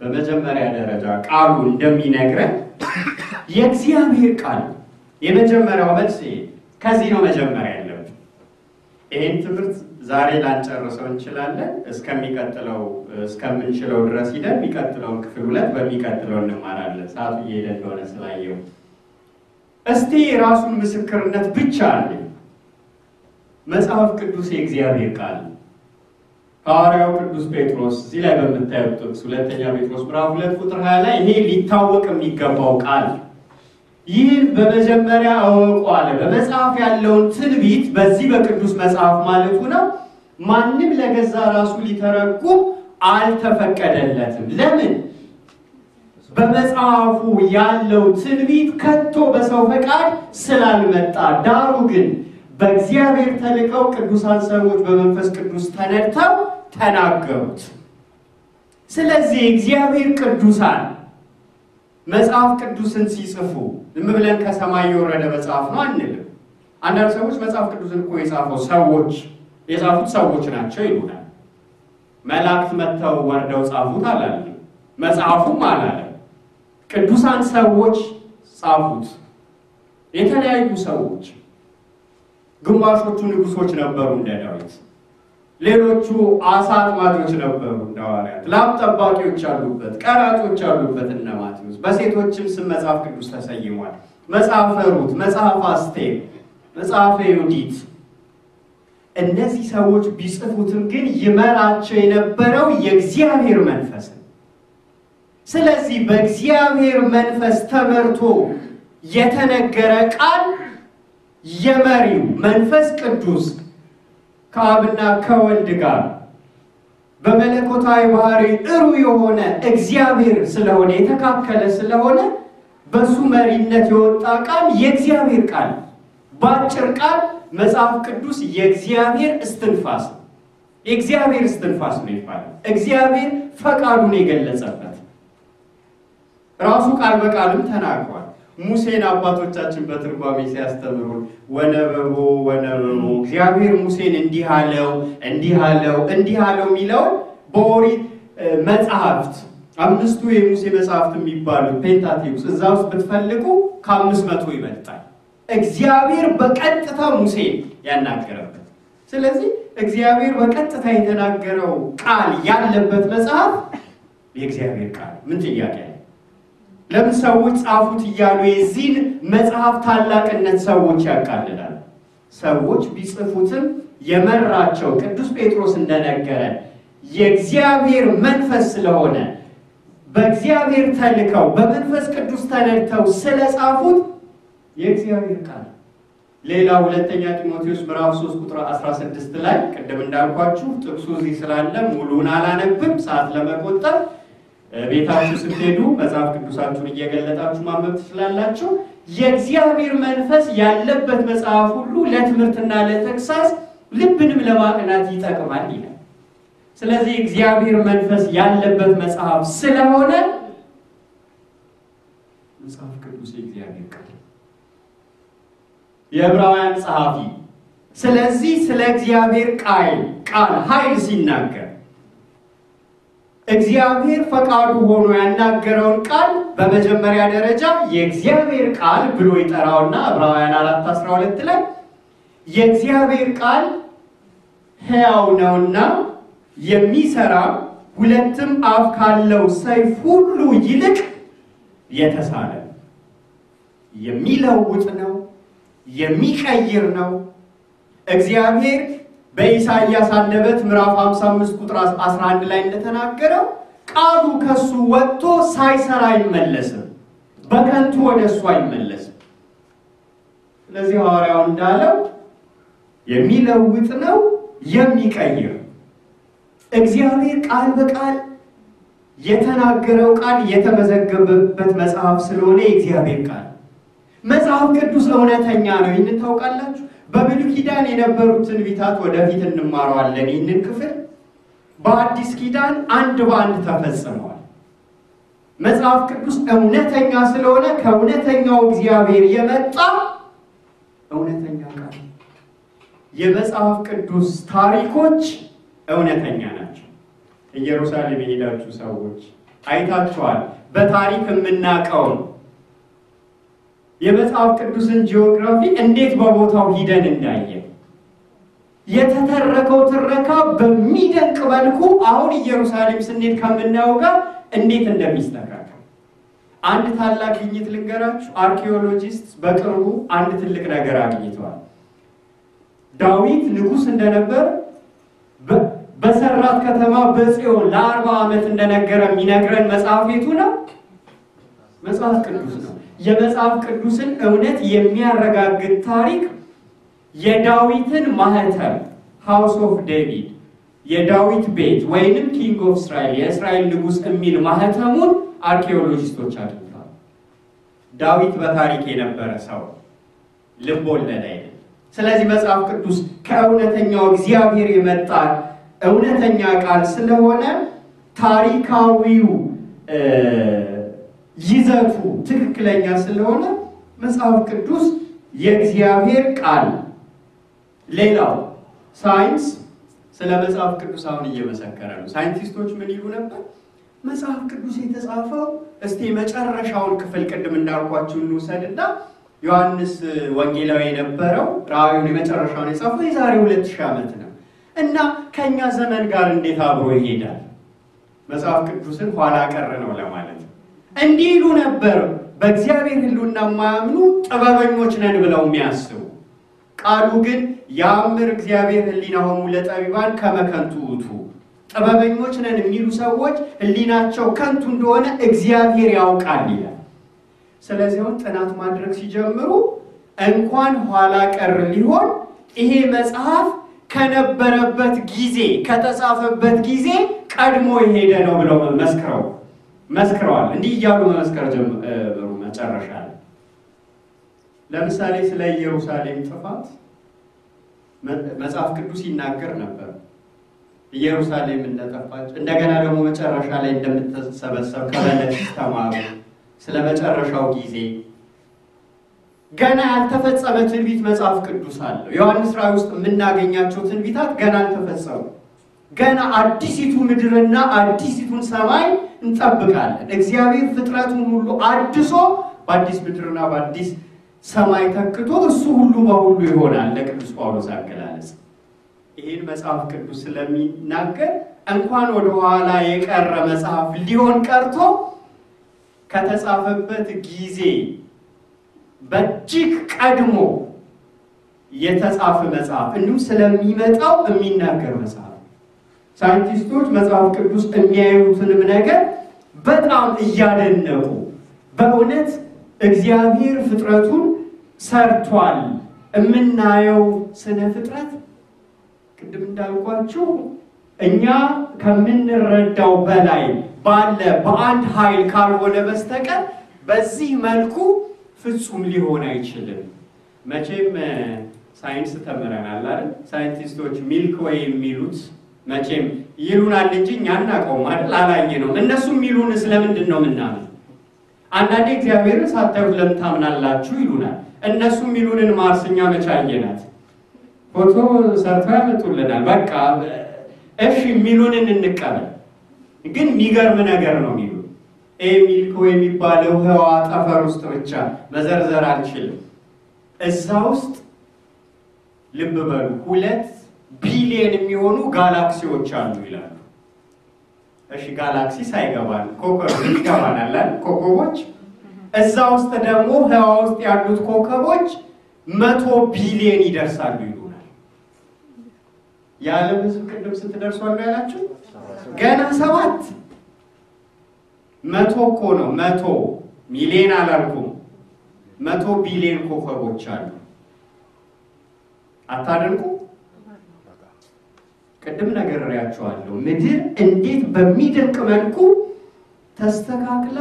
በመጀመሪያ ደረጃ ቃሉ እንደሚነግረን የእግዚአብሔር ቃል የመጀመሪያው መልስ ከዚህ ነው መጀመሪያ ያለብን። ይህን ትምህርት ዛሬ ላንጨርሰው እንችላለን። እስከሚቀጥለው እስከምንችለው ድረስ ሂደን የሚቀጥለውን ክፍል ሁለት በሚቀጥለው እንማራለን። ሰዓቱ እየሄደ እንደሆነ ስላየው እስቲ የራሱን ምስክርነት ብቻ አለ። መጽሐፍ ቅዱስ የእግዚአብሔር ቃል ሐዋርያው ቅዱስ ጴጥሮስ እዚህ ላይ በምታዩት ጥቅስ ሁለተኛ ጴጥሮስ ምዕራፍ ሁለት ቁጥር ሀያ ላይ ይሄ ሊታወቅ የሚገባው ቃል ይህን በመጀመሪያ አወቁ አለ። በመጽሐፍ ያለውን ትንቢት በዚህ በቅዱስ መጽሐፍ ማለቱ ነው። ማንም ለገዛ ራሱ ሊተረጉም አልተፈቀደለትም። ለምን? በመጽሐፉ ያለው ትንቢት ከቶ በሰው ፈቃድ ስላልመጣ ዳሩ ግን በእግዚአብሔር ተልቀው ቅዱሳን ሰዎች በመንፈስ ቅዱስ ተነድተው ተናገሩት። ስለዚህ እግዚአብሔር ቅዱሳን መጽሐፍ ቅዱስን ሲጽፉ ዝም ብለን ከሰማይ የወረደ መጽሐፍ ነው አንልም። አንዳንድ ሰዎች መጽሐፍ ቅዱስን እኮ የጻፈው ሰዎች የጻፉት ሰዎች ናቸው ይሉናል። መላእክት መጥተው ወርደው ጻፉት አላለም፣ መጽሐፉም አላለም። ቅዱሳን ሰዎች ጻፉት። የተለያዩ ሰዎች ግማሾቹ ንጉሶች ነበሩ እንደ ዳዊት፣ ሌሎቹ አሳ አጥማጆች ነበሩ እንደ ሐዋርያት፣ ላም ጠባቂዎች አሉበት፣ ቀራጮች አሉበት እነ ማቴዎስ። በሴቶችም ስም መጽሐፍ ቅዱስ ተሰይሟል። መጽሐፈ ሩት፣ መጽሐፈ አስቴር፣ መጽሐፈ ዮዲት እነዚህ ሰዎች ቢጽፉትም ግን ይመራቸው የነበረው የእግዚአብሔር መንፈስ ነው። ስለዚህ በእግዚአብሔር መንፈስ ተመርቶ የተነገረ ቃል የመሪው መንፈስ ቅዱስ ከአብና ከወልድ ጋር በመለኮታዊ ባህሪ እሩ የሆነ እግዚአብሔር ስለሆነ የተካከለ ስለሆነ በሱ መሪነት የወጣ ቃል የእግዚአብሔር ቃል በአጭር ቃል መጽሐፍ ቅዱስ የእግዚአብሔር እስትንፋስ ነው። የእግዚአብሔር እስትንፋስ ነው ይባላል። እግዚአብሔር ፈቃዱን የገለጸበት ራሱ ቃል በቃልም ተናግሯል። ሙሴን አባቶቻችን በትርጓሜ ሲያስተምሩ ወነበቦ ወነበቦ እግዚአብሔር ሙሴን እንዲህ አለው እንዲህ አለው እንዲህ አለው የሚለው በኦሪት መጽሐፍት አምስቱ የሙሴ መጽሐፍት የሚባሉት ፔንታቴውስ እዛ ውስጥ ብትፈልጉ ከአምስት መቶ ይበልጣል። እግዚአብሔር በቀጥታ ሙሴን ያናገረበት። ስለዚህ እግዚአብሔር በቀጥታ የተናገረው ቃል ያለበት መጽሐፍ የእግዚአብሔር ቃል ምን ጥያቄ ለምን ሰዎች ጻፉት እያሉ የዚህን መጽሐፍ ታላቅነት ሰዎች ያቃልላል። ሰዎች ቢጽፉትም የመራቸው ቅዱስ ጴጥሮስ እንደነገረ የእግዚአብሔር መንፈስ ስለሆነ በእግዚአብሔር ተልከው በመንፈስ ቅዱስ ተነድተው ስለጻፉት የእግዚአብሔር ቃል። ሌላ ሁለተኛ ጢሞቴዎስ ምዕራፍ 3 ቁጥር 16 ላይ ቅድም እንዳልኳችሁ ጥቅሱ እዚህ ስላለ ሙሉን አላነብም ሰዓት ለመቆጠብ ቤታችሁ ስትሄዱ መጽሐፍ ቅዱሳችሁን እየገለጣችሁ ማንበብ ትችላላችሁ። የእግዚአብሔር መንፈስ ያለበት መጽሐፍ ሁሉ ለትምህርትና ለተግሳስ ልብንም ለማቅናት ይጠቅማል ይላል። ስለዚህ እግዚአብሔር መንፈስ ያለበት መጽሐፍ ስለሆነ መጽሐፍ ቅዱስ የእግዚአብሔር ቃል የዕብራውያን ጸሐፊ ስለዚህ ስለ እግዚአብሔር ቃል ቃል ኃይል ሲናገር እግዚአብሔር ፈቃዱ ሆኖ ያናገረውን ቃል በመጀመሪያ ደረጃ የእግዚአብሔር ቃል ብሎ ይጠራውና ዕብራውያን አራት አስራ ሁለት ላይ የእግዚአብሔር ቃል ሕያው ነውና የሚሰራ ሁለትም አፍ ካለው ሰይፍ ሁሉ ይልቅ የተሳለ የሚለውጥ ነው፣ የሚቀይር ነው። እግዚአብሔር በኢሳይያስ አንደበት ምዕራፍ 55 ቁጥር 11 ላይ እንደተናገረው ቃሉ ከሱ ወጥቶ ሳይሰራ አይመለስም፣ በከንቱ ወደ እሱ አይመለስም። ስለዚህ ሐዋርያው እንዳለው የሚለውጥ ነው የሚቀይር እግዚአብሔር ቃል በቃል የተናገረው ቃል የተመዘገበበት መጽሐፍ ስለሆነ የእግዚአብሔር ቃል መጽሐፍ ቅዱስ እውነተኛ ነው። ይህን ታውቃላችሁ። በብሉይ ኪዳን የነበሩትን ትንቢታት ወደፊት እንማረዋለን። ይህንን ክፍል በአዲስ ኪዳን አንድ በአንድ ተፈጽመዋል። መጽሐፍ ቅዱስ እውነተኛ ስለሆነ ከእውነተኛው እግዚአብሔር የመጣ እውነተኛ ቃል። የመጽሐፍ ቅዱስ ታሪኮች እውነተኛ ናቸው። ኢየሩሳሌም የሄዳችሁ ሰዎች አይታችኋል። በታሪክ የምናውቀውን የመጽሐፍ ቅዱስን ጂኦግራፊ እንዴት በቦታው ሂደን እናየ። የተተረከው ትረካ በሚደንቅ መልኩ አሁን ኢየሩሳሌም ስንሄድ ከምናየው ጋር እንዴት እንደሚስተካከል አንድ ታላቅ ግኝት ልንገራችሁ። አርኪኦሎጂስት በቅርቡ አንድ ትልቅ ነገር አግኝተዋል። ዳዊት ንጉሥ እንደነበር በሰራት ከተማ በጽዮን ለአርባ ዓመት እንደነገረ የሚነግረን መጽሐፍ የቱ ነው? መጽሐፍ ቅዱስ ነው። የመጽሐፍ ቅዱስን እውነት የሚያረጋግጥ ታሪክ የዳዊትን ማህተም ሃውስ ኦፍ ዴቪድ የዳዊት ቤት ወይንም ኪንግ ኦፍ እስራኤል የእስራኤል ንጉሥ የሚል ማህተሙን አርኪኦሎጂስቶች አድርገዋል። ዳዊት በታሪክ የነበረ ሰው ልብ ወለድ ስለዚህ መጽሐፍ ቅዱስ ከእውነተኛው እግዚአብሔር የመጣ እውነተኛ ቃል ስለሆነ ታሪካዊው ይዘቱ ትክክለኛ ስለሆነ መጽሐፍ ቅዱስ የእግዚአብሔር ቃል። ሌላው ሳይንስ ስለ መጽሐፍ ቅዱስ አሁን እየመሰከረ ነው። ሳይንቲስቶች ምን ይሉ ነበር? መጽሐፍ ቅዱስ የተጻፈው እስቲ መጨረሻውን ክፍል ቅድም እንዳልኳችሁ እንውሰድና ዮሐንስ ወንጌላዊ የነበረው ራእዩን የመጨረሻውን የጻፈው የዛሬ ሁለት ሺህ ዓመት ነው እና ከእኛ ዘመን ጋር እንዴት አብሮ ይሄዳል? መጽሐፍ ቅዱስን ኋላ ቀር ነው ለማለት እንዲህ ይሉ ነበር፣ በእግዚአብሔር ሕልውና የማያምኑ ጥበበኞች ነን ብለው የሚያስቡ ቃሉ ግን ያምር እግዚአብሔር ሕሊናሆሙ ለጠቢባን ከመከንቱ ውእቱ። ጥበበኞች ነን የሚሉ ሰዎች ሕሊናቸው ከንቱ እንደሆነ እግዚአብሔር ያውቃል ይላል። ስለዚሁን ጥናት ማድረግ ሲጀምሩ እንኳን ኋላ ቀር ሊሆን ይሄ መጽሐፍ ከነበረበት ጊዜ ከተጻፈበት ጊዜ ቀድሞ የሄደ ነው ብለው መስክረው መስክረዋል። እንዲህ እያሉ መመስከር ጀመሩ። መጨረሻ ላይ ለምሳሌ ስለ ኢየሩሳሌም ጥፋት መጽሐፍ ቅዱስ ይናገር ነበር። ኢየሩሳሌም እንደጠፋች እንደገና ደግሞ መጨረሻ ላይ እንደምትሰበሰብ ከበለስ ተማሩ። ስለ መጨረሻው ጊዜ ገና ያልተፈጸመ ትንቢት መጽሐፍ ቅዱስ አለው። ዮሐንስ ራእይ ውስጥ የምናገኛቸው ትንቢታት ገና አልተፈጸሙ። ገና አዲሲቱ ምድርና አዲሲቱን ሰማይ እንጠብቃለን። እግዚአብሔር ፍጥረቱን ሁሉ አድሶ በአዲስ ምድርና በአዲስ ሰማይ ተክቶ እሱ ሁሉ በሁሉ ይሆናል። ለቅዱስ ጳውሎስ አገላለጽ ይህን መጽሐፍ ቅዱስ ስለሚናገር እንኳን ወደኋላ የቀረ መጽሐፍ ሊሆን ቀርቶ ከተጻፈበት ጊዜ በእጅግ ቀድሞ የተጻፈ መጽሐፍ እንዲሁም ስለሚመጣው የሚናገር መጽሐፍ ሳይንቲስቶች መጽሐፍ ቅዱስ የሚያዩትንም ነገር በጣም እያደነቁ በእውነት እግዚአብሔር ፍጥረቱን ሰርቷል። የምናየው ስነ ፍጥረት ቅድም እንዳልኳችሁ እኛ ከምንረዳው በላይ ባለ በአንድ ኃይል ካልሆነ በስተቀር በዚህ መልኩ ፍጹም ሊሆን አይችልም። መቼም ሳይንስ ተምረናል አይደል? ሳይንቲስቶች ሚልክ ወይ የሚሉት መቼም ይሉናል እንጂ እኛ እናውቀውም አይደል? አላየ ነው። እነሱም ይሉን ስለምንድን ነው ምናምን? አንዳንዴ እግዚአብሔርን ሳታዩት ለምን ታምናላችሁ ይሉናል። እነሱም ይሉንን ማርስ እኛ መቼ አየናት? ፎቶ ሰርተው ያመጡልናል። በቃ እሺ የሚሉንን እንቀበል። ግን የሚገርም ነገር ነው የሚሉ ሚልኮ የሚባለው ህዋ ጠፈር ውስጥ ብቻ መዘርዘር አልችልም። እዛ ውስጥ ልብ በሉ ሁለት ቢሊየን የሚሆኑ ጋላክሲዎች አሉ ይላሉ። እሺ ጋላክሲ ሳይገባን ኮከብ ይገባናል። ኮከቦች እዛ ውስጥ ደግሞ ህዋ ውስጥ ያሉት ኮከቦች መቶ ቢሊየን ይደርሳሉ ይሉናል። የዓለም ህዝብ ቅድም ስትደርሱ ያላችሁ ገና ሰባት መቶ እኮ ነው። መቶ ሚሊየን አላልኩም። መቶ ቢሊየን ኮከቦች አሉ። አታደንቁ ቅድም ነግሬያቸዋለሁ። ምድር እንዴት በሚደንቅ መልኩ ተስተካክላ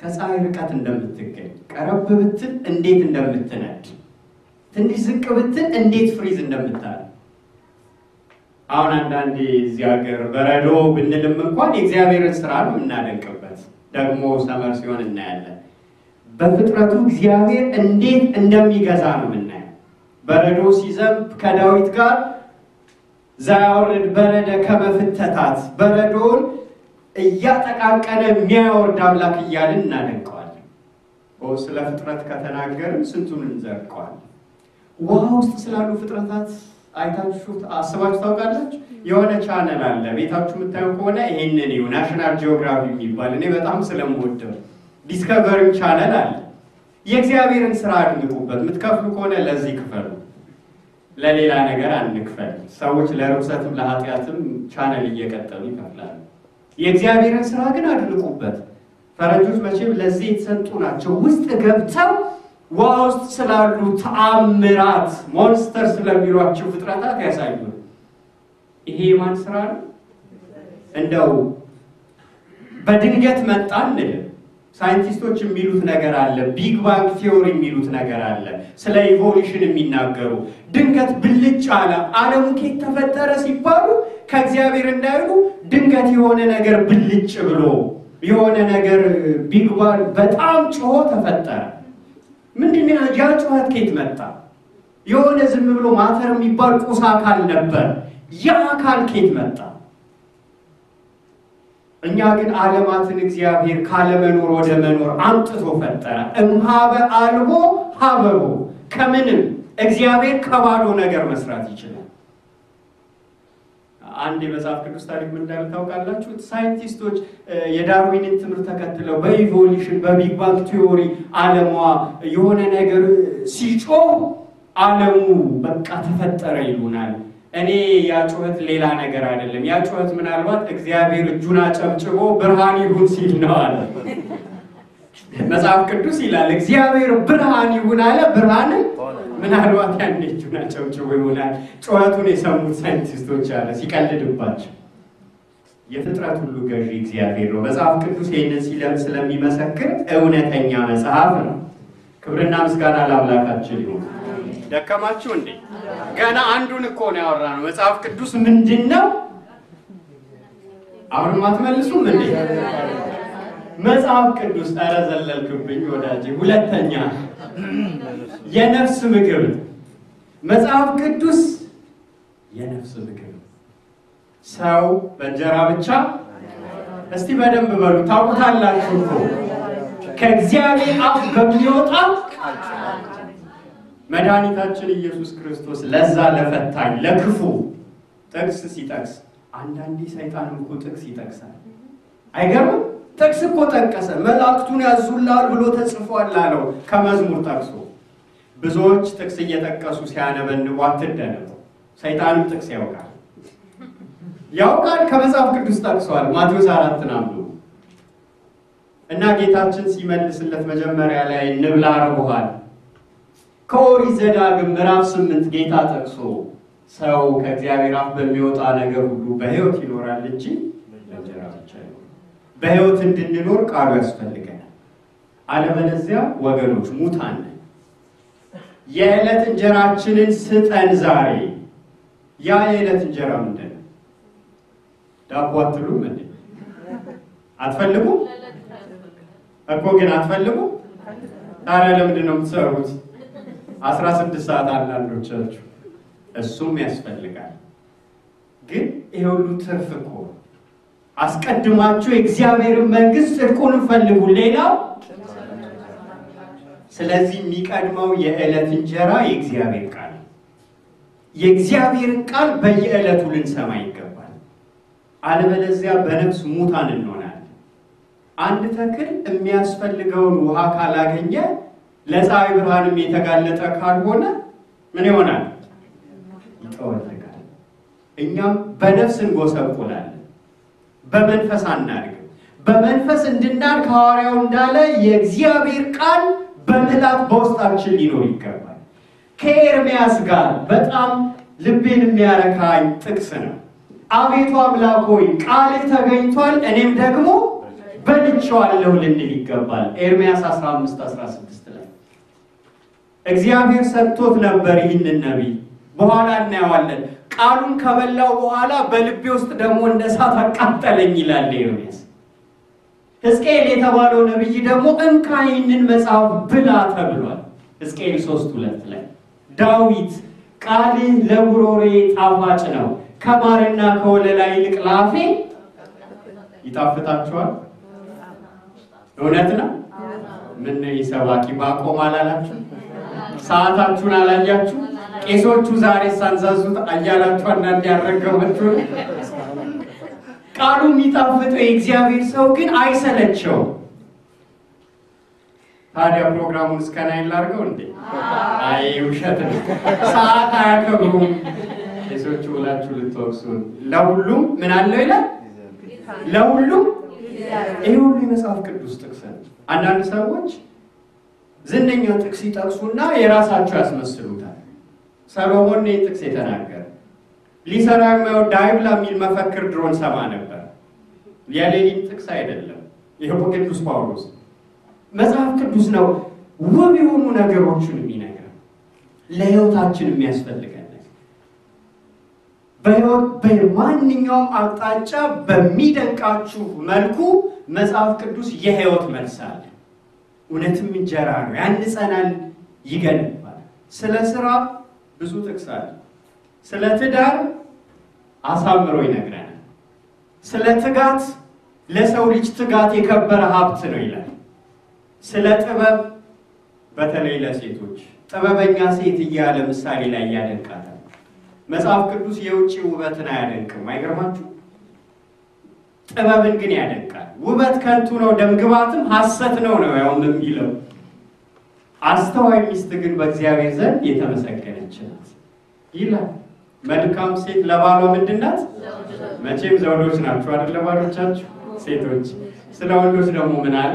ከፀሐይ ርቀት እንደምትገኝ ቀረብ ብትል እንዴት እንደምትነድ ትንሽ ዝቅ ብትል እንዴት ፍሪዝ እንደምታል። አሁን አንዳንዴ እዚህ ሀገር በረዶ ብንልም እንኳን የእግዚአብሔርን ስራ ነው የምናደንቅበት። ደግሞ ሰመር ሲሆን እናያለን። በፍጥረቱ እግዚአብሔር እንዴት እንደሚገዛ ነው የምናየው። በረዶ ሲዘንብ ከዳዊት ጋር ዛያወርድ በረደ ከመፍተታት በረዶውን እያጠቃቀነ የሚያወርድ አምላክ እያልን እናደንቀዋለን። ስለ ፍጥረት ከተናገርን ስንቱን እንዘርቀዋለን። ውሃ ውስጥ ስላሉ ፍጥረታት አይታችሁት አስባችሁ ታውቃላችሁ? የሆነ ቻነል አለ ቤታችሁ የምታዩ ከሆነ ይህንን ይሁ ናሽናል ጂኦግራፊ የሚባል እኔ በጣም ስለምወደው ዲስከቨሪ ቻነል አለ። የእግዚአብሔርን ስራ አድንቁበት። የምትከፍሉ ከሆነ ለዚህ ክፈሉ። ለሌላ ነገር አንክፈል። ሰዎች ለርኩሰትም ለኃጢአትም ቻነል እየቀጠሉ ይከፍላሉ። የእግዚአብሔርን ስራ ግን አድንቁበት። ፈረንጆች መቼም ለዚህ የተሰጡ ናቸው። ውስጥ ገብተው ውሃ ውስጥ ስላሉ ተአምራት፣ ሞንስተር ስለሚሏቸው ፍጥረታት ያሳዩ። ይሄ የማን ስራ ነው? እንደው በድንገት መጣ እንልም ሳይንቲስቶች የሚሉት ነገር አለ። ቢግ ባንግ ቴዎሪ የሚሉት ነገር አለ። ስለ ኢቮሉሽን የሚናገሩ ድንገት ብልጭ አለ ዓለሙ ከየት ተፈጠረ ሲባሉ ከእግዚአብሔር እንዳይሉ ድንገት የሆነ ነገር ብልጭ ብሎ የሆነ ነገር ቢግ ባንግ በጣም ጮሆ ተፈጠረ። ምንድን ያ ጩኸት ከየት መጣ? የሆነ ዝም ብሎ ማተር የሚባል ቁስ አካል ነበር። ያ አካል ኬት መጣ? እኛ ግን ዓለማትን እግዚአብሔር ካለመኖር ወደ መኖር አምጥቶ ፈጠረ። እምሃበ አልቦ ሀበቦ ከምንም እግዚአብሔር ከባዶ ነገር መስራት ይችላል። አንድ የመጽሐፍ ቅዱስ ታሪክ ምን እንዳለ ታውቃላችሁ? ሳይንቲስቶች የዳርዊንን ትምህርት ተከትለው በኢቮሉሽን በቢግ ባንግ ቲዮሪ ዓለሟ የሆነ ነገር ሲጮህ ዓለሙ በቃ ተፈጠረ ይሉናል። እኔ ያ ጩኸት ሌላ ነገር አይደለም። ያ ጩኸት ምናልባት እግዚአብሔር እጁን አጨብጭቦ ብርሃን ይሁን ሲል ነው አለ መጽሐፍ ቅዱስ ይላል። እግዚአብሔር ብርሃን ይሁን አለ፣ ብርሃን ምናልባት ያን እጁን አጨብጭቦ ይሆናል። ጩኸቱን የሰሙት ሳይንቲስቶች አለ ሲቀልድባቸው የፍጥረት ሁሉ ገዢ እግዚአብሔር ነው። መጽሐፍ ቅዱስ ይህንን ሲለም ስለሚመሰክር እውነተኛ መጽሐፍ ነው። ክብርና ምስጋና ለአምላካችን ይሁን። ደከማችሁ እንዴ? ገና አንዱን እኮ ነው ያወራነው። መጽሐፍ ቅዱስ ምንድን ነው? አሁንም አትመልሱም ምን መጽሐፍ ቅዱስ ኧረ ዘለልክብኝ ወዳጄ። ሁለተኛ የነፍስ ምግብ መጽሐፍ ቅዱስ የነፍስ ምግብ ሰው በእንጀራ ብቻ እስቲ በደንብ በሉ ታውቁታላችሁ እኮ ከእግዚአብሔር አፍ በሚወጣ መድኃኒታችን ኢየሱስ ክርስቶስ ለዛ ለፈታኝ ለክፉ ጥቅስ ሲጠቅስ አንዳንዴ ሰይጣን እኮ ጥቅስ ይጠቅሳል። አይገርምም? ጥቅስ እኮ ጠቀሰ። መላእክቱን ያዙላል ብሎ ተጽፏል አለው ከመዝሙር ጠቅሶ። ብዙዎች ጥቅስ እየጠቀሱ ሲያነበንቡ አትደነቁ። ሰይጣንም ጥቅስ ያውቃል ያውቃል። ከመጽሐፍ ቅዱስ ጠቅሷል። ማቴዎስ አራት ናምዱ እና ጌታችን ሲመልስለት መጀመሪያ ላይ ንብላ አርቦሃል ከኦሪት ዘዳግም ምዕራፍ ስምንት ጌታ ጠቅሶ ሰው ከእግዚአብሔር አፍ በሚወጣ ነገር ሁሉ በሕይወት ይኖራል እንጂ በእንጀራ ብቻ አይኖርም። በሕይወት እንድንኖር ቃሉ ያስፈልገናል። አለበለዚያ ወገኖች ሙታን ነን። የዕለት እንጀራችንን ስጠን ዛሬ። ያ የዕለት እንጀራ ምንድን ነው? ዳቦ አትሉ እንዴ? አትፈልጉ እኮ ግን አትፈልጉ ታዲያ ለምንድን ነው የምትሰሩት? አስራ ስድስት ሰዓት አንዳንዶቻችሁ እሱም ያስፈልጋል። ግን ይሄ ሁሉ ትርፍ እኮ አስቀድማችሁ የእግዚአብሔርን መንግስት ጽድቁን ፈልጉ፣ ሌላው ስለዚህ የሚቀድመው የዕለት እንጀራ የእግዚአብሔር ቃል የእግዚአብሔርን ቃል በየዕለቱ ልንሰማ ይገባል። አለበለዚያ በነፍስ ሙታን እንሆናለን። አንድ ተክል የሚያስፈልገውን ውሃ ካላገኘ ለፀሐይ ብርሃንም የተጋለጠ ካልሆነ ምን ይሆናል? ይጠወልጋል። እኛም በነፍስ እንጎሰቁላለን፣ በመንፈስ አናድግም። በመንፈስ እንድናድግ ሐዋርያው እንዳለ የእግዚአብሔር ቃል በምላት በውስጣችን ሊኖር ይገባል። ከኤርሚያስ ጋር በጣም ልቤን የሚያረካኝ ጥቅስ ነው። አቤቱ አምላክ ሆይ ቃልህ ተገኝቷል፣ እኔም ደግሞ በልቼዋለሁ ልንል ይገባል። ኤርምያስ 15 16 ላይ እግዚአብሔር ሰጥቶት ነበር ይህንን ነቢይ። በኋላ እናየዋለን። ቃሉን ከበላው በኋላ በልቤ ውስጥ ደግሞ እንደ እሳት አቃጠለኝ ይላል ኤርምያስ። ሕዝቅኤል የተባለው ነቢይ ደግሞ እንካ ይህንን መጽሐፍ ብላ ተብሏል። ሕዝቅኤል ሶስት ሁለት ላይ ዳዊት ቃልህ ለጉሮሬ ጣፋጭ ነው ከማርና ከወለላ ይልቅ ላፌ ይጣፍጣቸዋል። እውነት ነው። ምን ይሰባቂ ባቆም አላላችሁ ሰዓታችሁን አላያችሁ። ቄሶቹ ዛሬ ሳንዛዙት አያላችሁ። አንዳንድ ያረገባችሁ ቃሉ የሚጣፍጠው የእግዚአብሔር ሰው ግን አይሰለቸው። ታዲያ ፕሮግራሙን እስከ ናይን እንዴ? አይ ውሸት ነው። ሰዓት አያከብሩም ቄሶቹ ብላችሁ ልትወቅሱን። ለሁሉም ምን አለው ይላል፣ ለሁሉም ይህ ሁሉ የመጽሐፍ ቅዱስ ጥቅስ አንዳንድ ሰዎች ዝነኛው ጥቅስ ይጠቅሱና የራሳቸው ያስመስሉታል። ሰሎሞን ነው ጥቅስ የተናገረ። ሊሰራ የማይወድ አይብላ የሚል መፈክር ድሮን ሰማ ነበር። የሌሊት ጥቅስ አይደለም። ይኸው በቅዱስ ጳውሎስ መጽሐፍ ቅዱስ ነው ውብ የሆኑ ነገሮችን የሚነግረን ለህይወታችን የሚያስፈልገን በህይወት በማንኛውም አቅጣጫ በሚደንቃችሁ መልኩ መጽሐፍ ቅዱስ የህይወት መልስ አለ። እውነትም እንጀራ ነው ያንጸናል፣ ይገነባል። ስለ ስራ ብዙ ጥቅስ አለ። ስለ ትዳር አሳምሮ ይነግረናል። ስለ ትጋት ለሰው ልጅ ትጋት የከበረ ሀብት ነው ይላል። ስለ ጥበብ በተለይ ለሴቶች ጥበበኛ ሴት እያለ ምሳሌ ላይ ያደንቃታል። መጽሐፍ ቅዱስ የውጭ ውበትን አያደንቅም። አይገርማችሁ? ጥበብን ግን ያደንቃል። ውበት ከንቱ ነው፣ ደምግባትም ሐሰት ነው ነው ያው የሚለው። አስተዋይ ሚስት ግን በእግዚአብሔር ዘንድ የተመሰገነች ናት ይላል። መልካም ሴት ለባሏ ምንድን ናት? መቼም ዘውዶች ናቸው አይደለ? ለባሎቻችሁ ሴቶች። ስለ ወንዶች ደግሞ ምን አለ?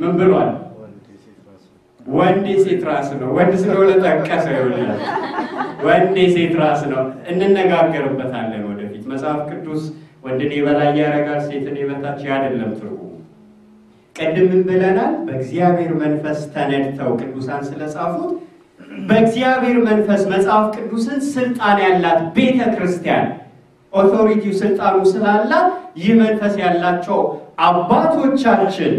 ምን ብሏል? ወንድ የሴት ራስ ነው። ወንድ ስለሆነ ጠቀሰ ይሆናል። ወንድ የሴት ራስ ነው። እንነጋገርበታለን ወደፊት መጽሐፍ ቅዱስ ወንድን የበላይ ያደርጋል፣ ሴትን የበታች አይደለም ትርጉሙ። ቅድም ምን ብለናል? በእግዚአብሔር መንፈስ ተነድተው ቅዱሳን ስለጻፉት በእግዚአብሔር መንፈስ መጽሐፍ ቅዱስን ስልጣን ያላት ቤተ ክርስቲያን ኦቶሪቲው ስልጣኑ ስላላት ይህ መንፈስ ያላቸው አባቶቻችን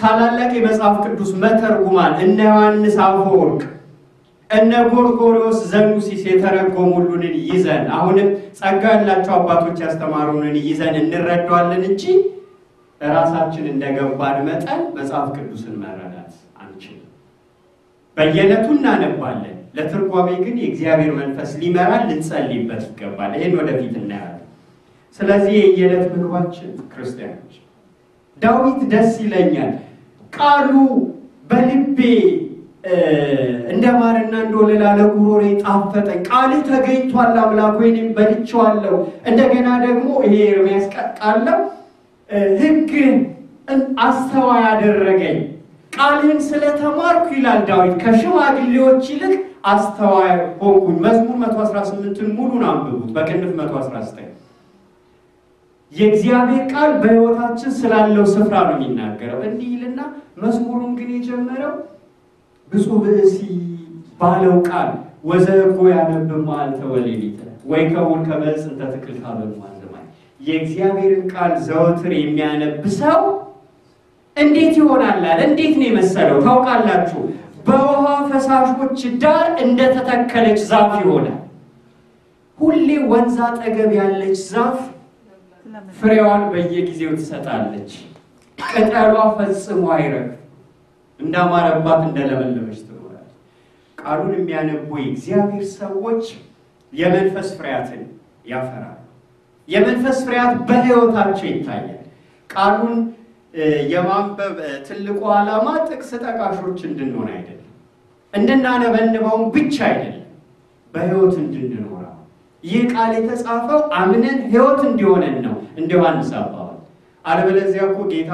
ታላላቅ የመጽሐፍ ቅዱስ መተርጉማን እነ ዮሐንስ አፈወርቅ እነ ጎርጎሪዎስ ዘኑሲስ የተረጎሙሉንን ይዘን አሁንም ጸጋ ያላቸው አባቶች ያስተማሩንን ይዘን እንረዳዋለን እንጂ ራሳችን እንደገባን መጠን መጽሐፍ ቅዱስን መረዳት አንችልም። በየዕለቱ እናነባለን። ለትርጓሜ ግን የእግዚአብሔር መንፈስ ሊመራን ልንጸልይበት ይገባል። ይህን ወደፊት እናያለን። ስለዚህ የየዕለት ምግባችን ክርስቲያኖች ዳዊት ደስ ይለኛል ቃሉ በልቤ እንደ ማርና እንደ ወለላ ለጉሮሬ ጣፈጠ። ቃል ተገኝቷል አምላክ ወይም በልቼዋለሁ። እንደገና ደግሞ ይሄ ኤርምያስ ቃለው ህግ አስተዋይ አደረገኝ። ቃልህን ስለተማርኩ ይላል ዳዊት ከሽማግሌዎች ይልቅ አስተዋይ ሆንኩኝ። መዝሙር 118ን ሙሉን አንብቡት በቅንፍ 119 የእግዚአብሔር ቃል በህይወታችን ስላለው ስፍራ ነው የሚናገረው። እንዲህ ይልና መዝሙሩን ግን የጀመረው ብዙ ብእሲ ባለው ቃል ወዘኮ ያነብብ መዓልተ ወሌሊት ከውን ከመጽ እንተ ትክልታ በማዘማኝ የእግዚአብሔርን ቃል ዘወትር የሚያነብ ሰው እንዴት ይሆናል? እንዴት ነው የመሰለው? ታውቃላችሁ፣ በውሃ ፈሳሾች ዳር እንደተተከለች ዛፍ ይሆናል። ሁሌ ወንዝ አጠገብ ያለች ዛፍ ፍሬዋን በየጊዜው ትሰጣለች። ቅጠሏ ፈጽሞ አይረግፍ እንዳማረባት እንደለመለመች ትኖራለች። ቃሉን የሚያነቡ የእግዚአብሔር ሰዎች የመንፈስ ፍሬያትን ያፈራሉ። የመንፈስ ፍሬያት በሕይወታቸው ይታያል። ቃሉን የማንበብ ትልቁ ዓላማ ጥቅስ ጠቃሾች እንድንሆን አይደለም፣ እንድናነበንበውም ብቻ አይደለም፣ በሕይወት እንድንኖራ ይህ ቃል የተጻፈው አምነን ሕይወት እንዲሆነን ነው እንደ ዮሐንስ አባባል። አለበለዚያ እኮ ጌታ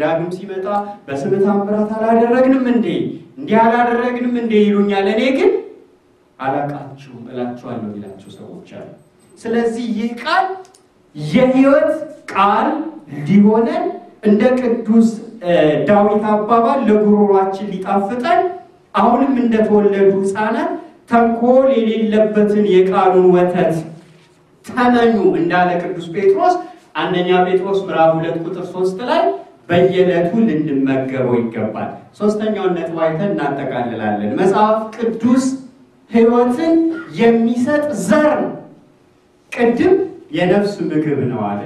ዳግም ሲመጣ በስመ ተአምራት አላደረግንም እንዴ እንዲህ አላደረግንም እንዴ ይሉኛል፣ እኔ ግን አላውቃችሁም እላችኋለሁ ይላቸው ሰዎች አሉ። ስለዚህ ይህ ቃል የህይወት ቃል እንዲሆነን እንደ ቅዱስ ዳዊት አባባል ለጉሮሯችን ሊጣፍጠን አሁንም እንደተወለዱ ህፃናት ተንኮል የሌለበትን የቃሉን ወተት ተመኙ እንዳለ ቅዱስ ጴጥሮስ አንደኛ ጴጥሮስ ምዕራፍ ሁለት ቁጥር ሶስት ላይ በየዕለቱ ልንመገበው ይገባል። ሶስተኛውን ነጥብ አይተን እናጠቃልላለን። መጽሐፍ ቅዱስ ሕይወትን የሚሰጥ ዘር ቅድም የነፍስ ምግብ ነው አለ።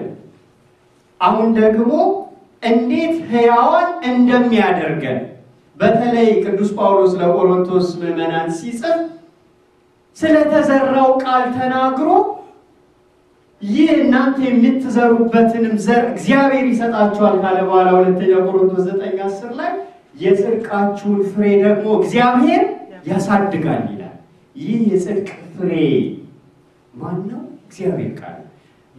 አሁን ደግሞ እንዴት ሕያዋን እንደሚያደርገን በተለይ ቅዱስ ጳውሎስ ለቆሮንቶስ ምዕመናን ሲጽፍ ስለተዘራው ቃል ተናግሮ ይህ እናንተ የምትዘሩበትንም ዘር እግዚአብሔር ይሰጣችኋል ካለ በኋላ ሁለተኛ ቆሮንቶስ ዘጠኝ አስር ላይ የጽድቃችሁን ፍሬ ደግሞ እግዚአብሔር ያሳድጋል ይላል። ይህ የጽድቅ ፍሬ ማን ነው? እግዚአብሔር ቃል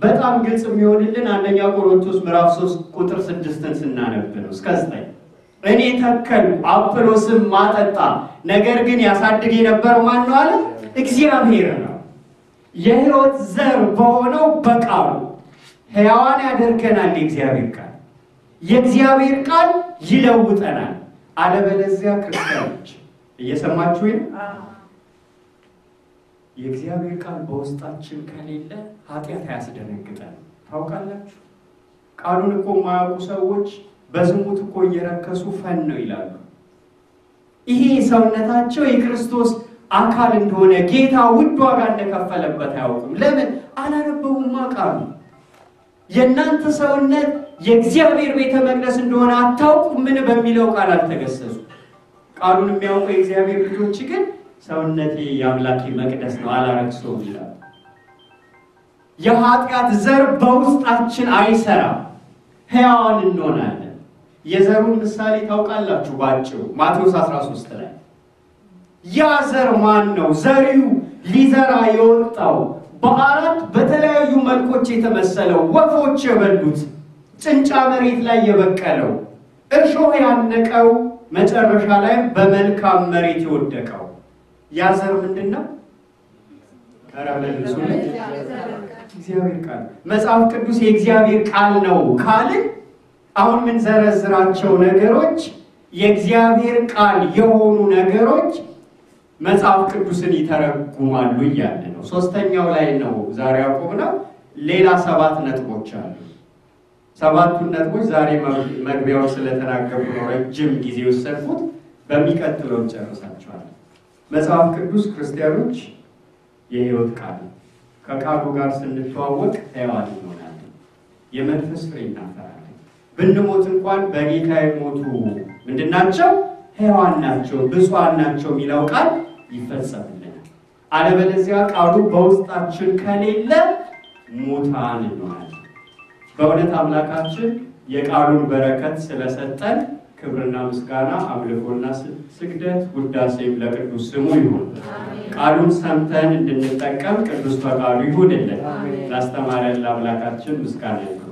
በጣም ግልጽ የሚሆንልን አንደኛ ቆሮንቶስ ምዕራፍ 3 ቁጥር 6ን ስናነብ ነው እስከ 9 እኔ ተከልኩ አፕሎስም ማጠጣ፣ ነገር ግን ያሳድግ የነበረው ማን ነው አለ? እግዚአብሔር ነው። የህይወት ዘር በሆነው በቃሉ ሕያዋን ያደርገናል። የእግዚአብሔር ቃል የእግዚአብሔር ቃል ይለውጠናል። አለበለዚያ ክርስቲያኖች እየሰማችሁ የእግዚአብሔር ቃል በውስጣችን ከሌለ ኃጢአት አያስደነግጠን። ታውቃላችሁ፣ ቃሉን እኮ የማያውቁ ሰዎች በዝሙት እኮ እየረከሱ ፈን ነው ይላሉ። ይሄ ሰውነታቸው የክርስቶስ አካል እንደሆነ ጌታ ውድ ዋጋ እንደከፈለበት አያውቁም። ለምን አላነበቡማ? ቃሉ የእናንተ ሰውነት የእግዚአብሔር ቤተ መቅደስ እንደሆነ አታውቁም ምን በሚለው ቃል አልተገሰሱ ቃሉን የሚያውቁ የእግዚአብሔር ልጆች ግን ሰውነቴ የአምላኪ መቅደስ ነው አላረክሰውም ይላል። የኃጢአት ዘር በውስጣችን አይሰራም፣ ሕያዋን እንሆናለን። የዘሩን ምሳሌ ታውቃላችሁ። ባጭሩ ማቴዎስ 13 ላይ ያ ዘር ማን ነው? ዘሪው ሊዘራ የወጣው በአራት በተለያዩ መልኮች የተመሰለው ወፎች የበሉት ጭንጫ መሬት ላይ የበቀለው እሾህ ያነቀው መጨረሻ ላይ በመልካም መሬት የወደቀው ያ ዘር ምንድን ነው? ረመልሱ እግዚአብሔር ቃል መጽሐፍ ቅዱስ የእግዚአብሔር ቃል ነው ካልን አሁን የምንዘረዝራቸው ነገሮች የእግዚአብሔር ቃል የሆኑ ነገሮች መጽሐፍ ቅዱስን ይተረጉማሉ እያለ ነው። ሶስተኛው ላይ ነው ዛሬ ያቆምነው። ሌላ ሰባት ነጥቦች አሉ። ሰባቱን ነጥቦች ዛሬ መግቢያው ስለተናገሩ ነው ረጅም ጊዜ የወሰድኩት። በሚቀጥለው ጨርሳቸዋል። መጽሐፍ ቅዱስ ክርስቲያኖች የህይወት ቃል ከቃሉ ጋር ስንተዋወቅ ሕያዋን እንሆናለን። የመንፈስ ፍሬ እናፈራለን። ብንሞት እንኳን በጌታ የሞቱ ምንድናቸው? ናቸው? ሕያዋን ናቸው፣ ብፁዓን ናቸው የሚለው ቃል ይፈጸምልናል። አለበለዚያ ቃሉ በውስጣችን ከሌለ ሙታን እንሆናለን። በእውነት አምላካችን የቃሉን በረከት ስለሰጠን ክብርና ምስጋና፣ አምልኮና ስግደት፣ ውዳሴም ለቅዱስ ስሙ ይሁን። ቃሉን ሰምተን እንድንጠቀም ቅዱስ ፈቃዱ ይሁንልን። ላስተማረን ለአምላካችን ምስጋና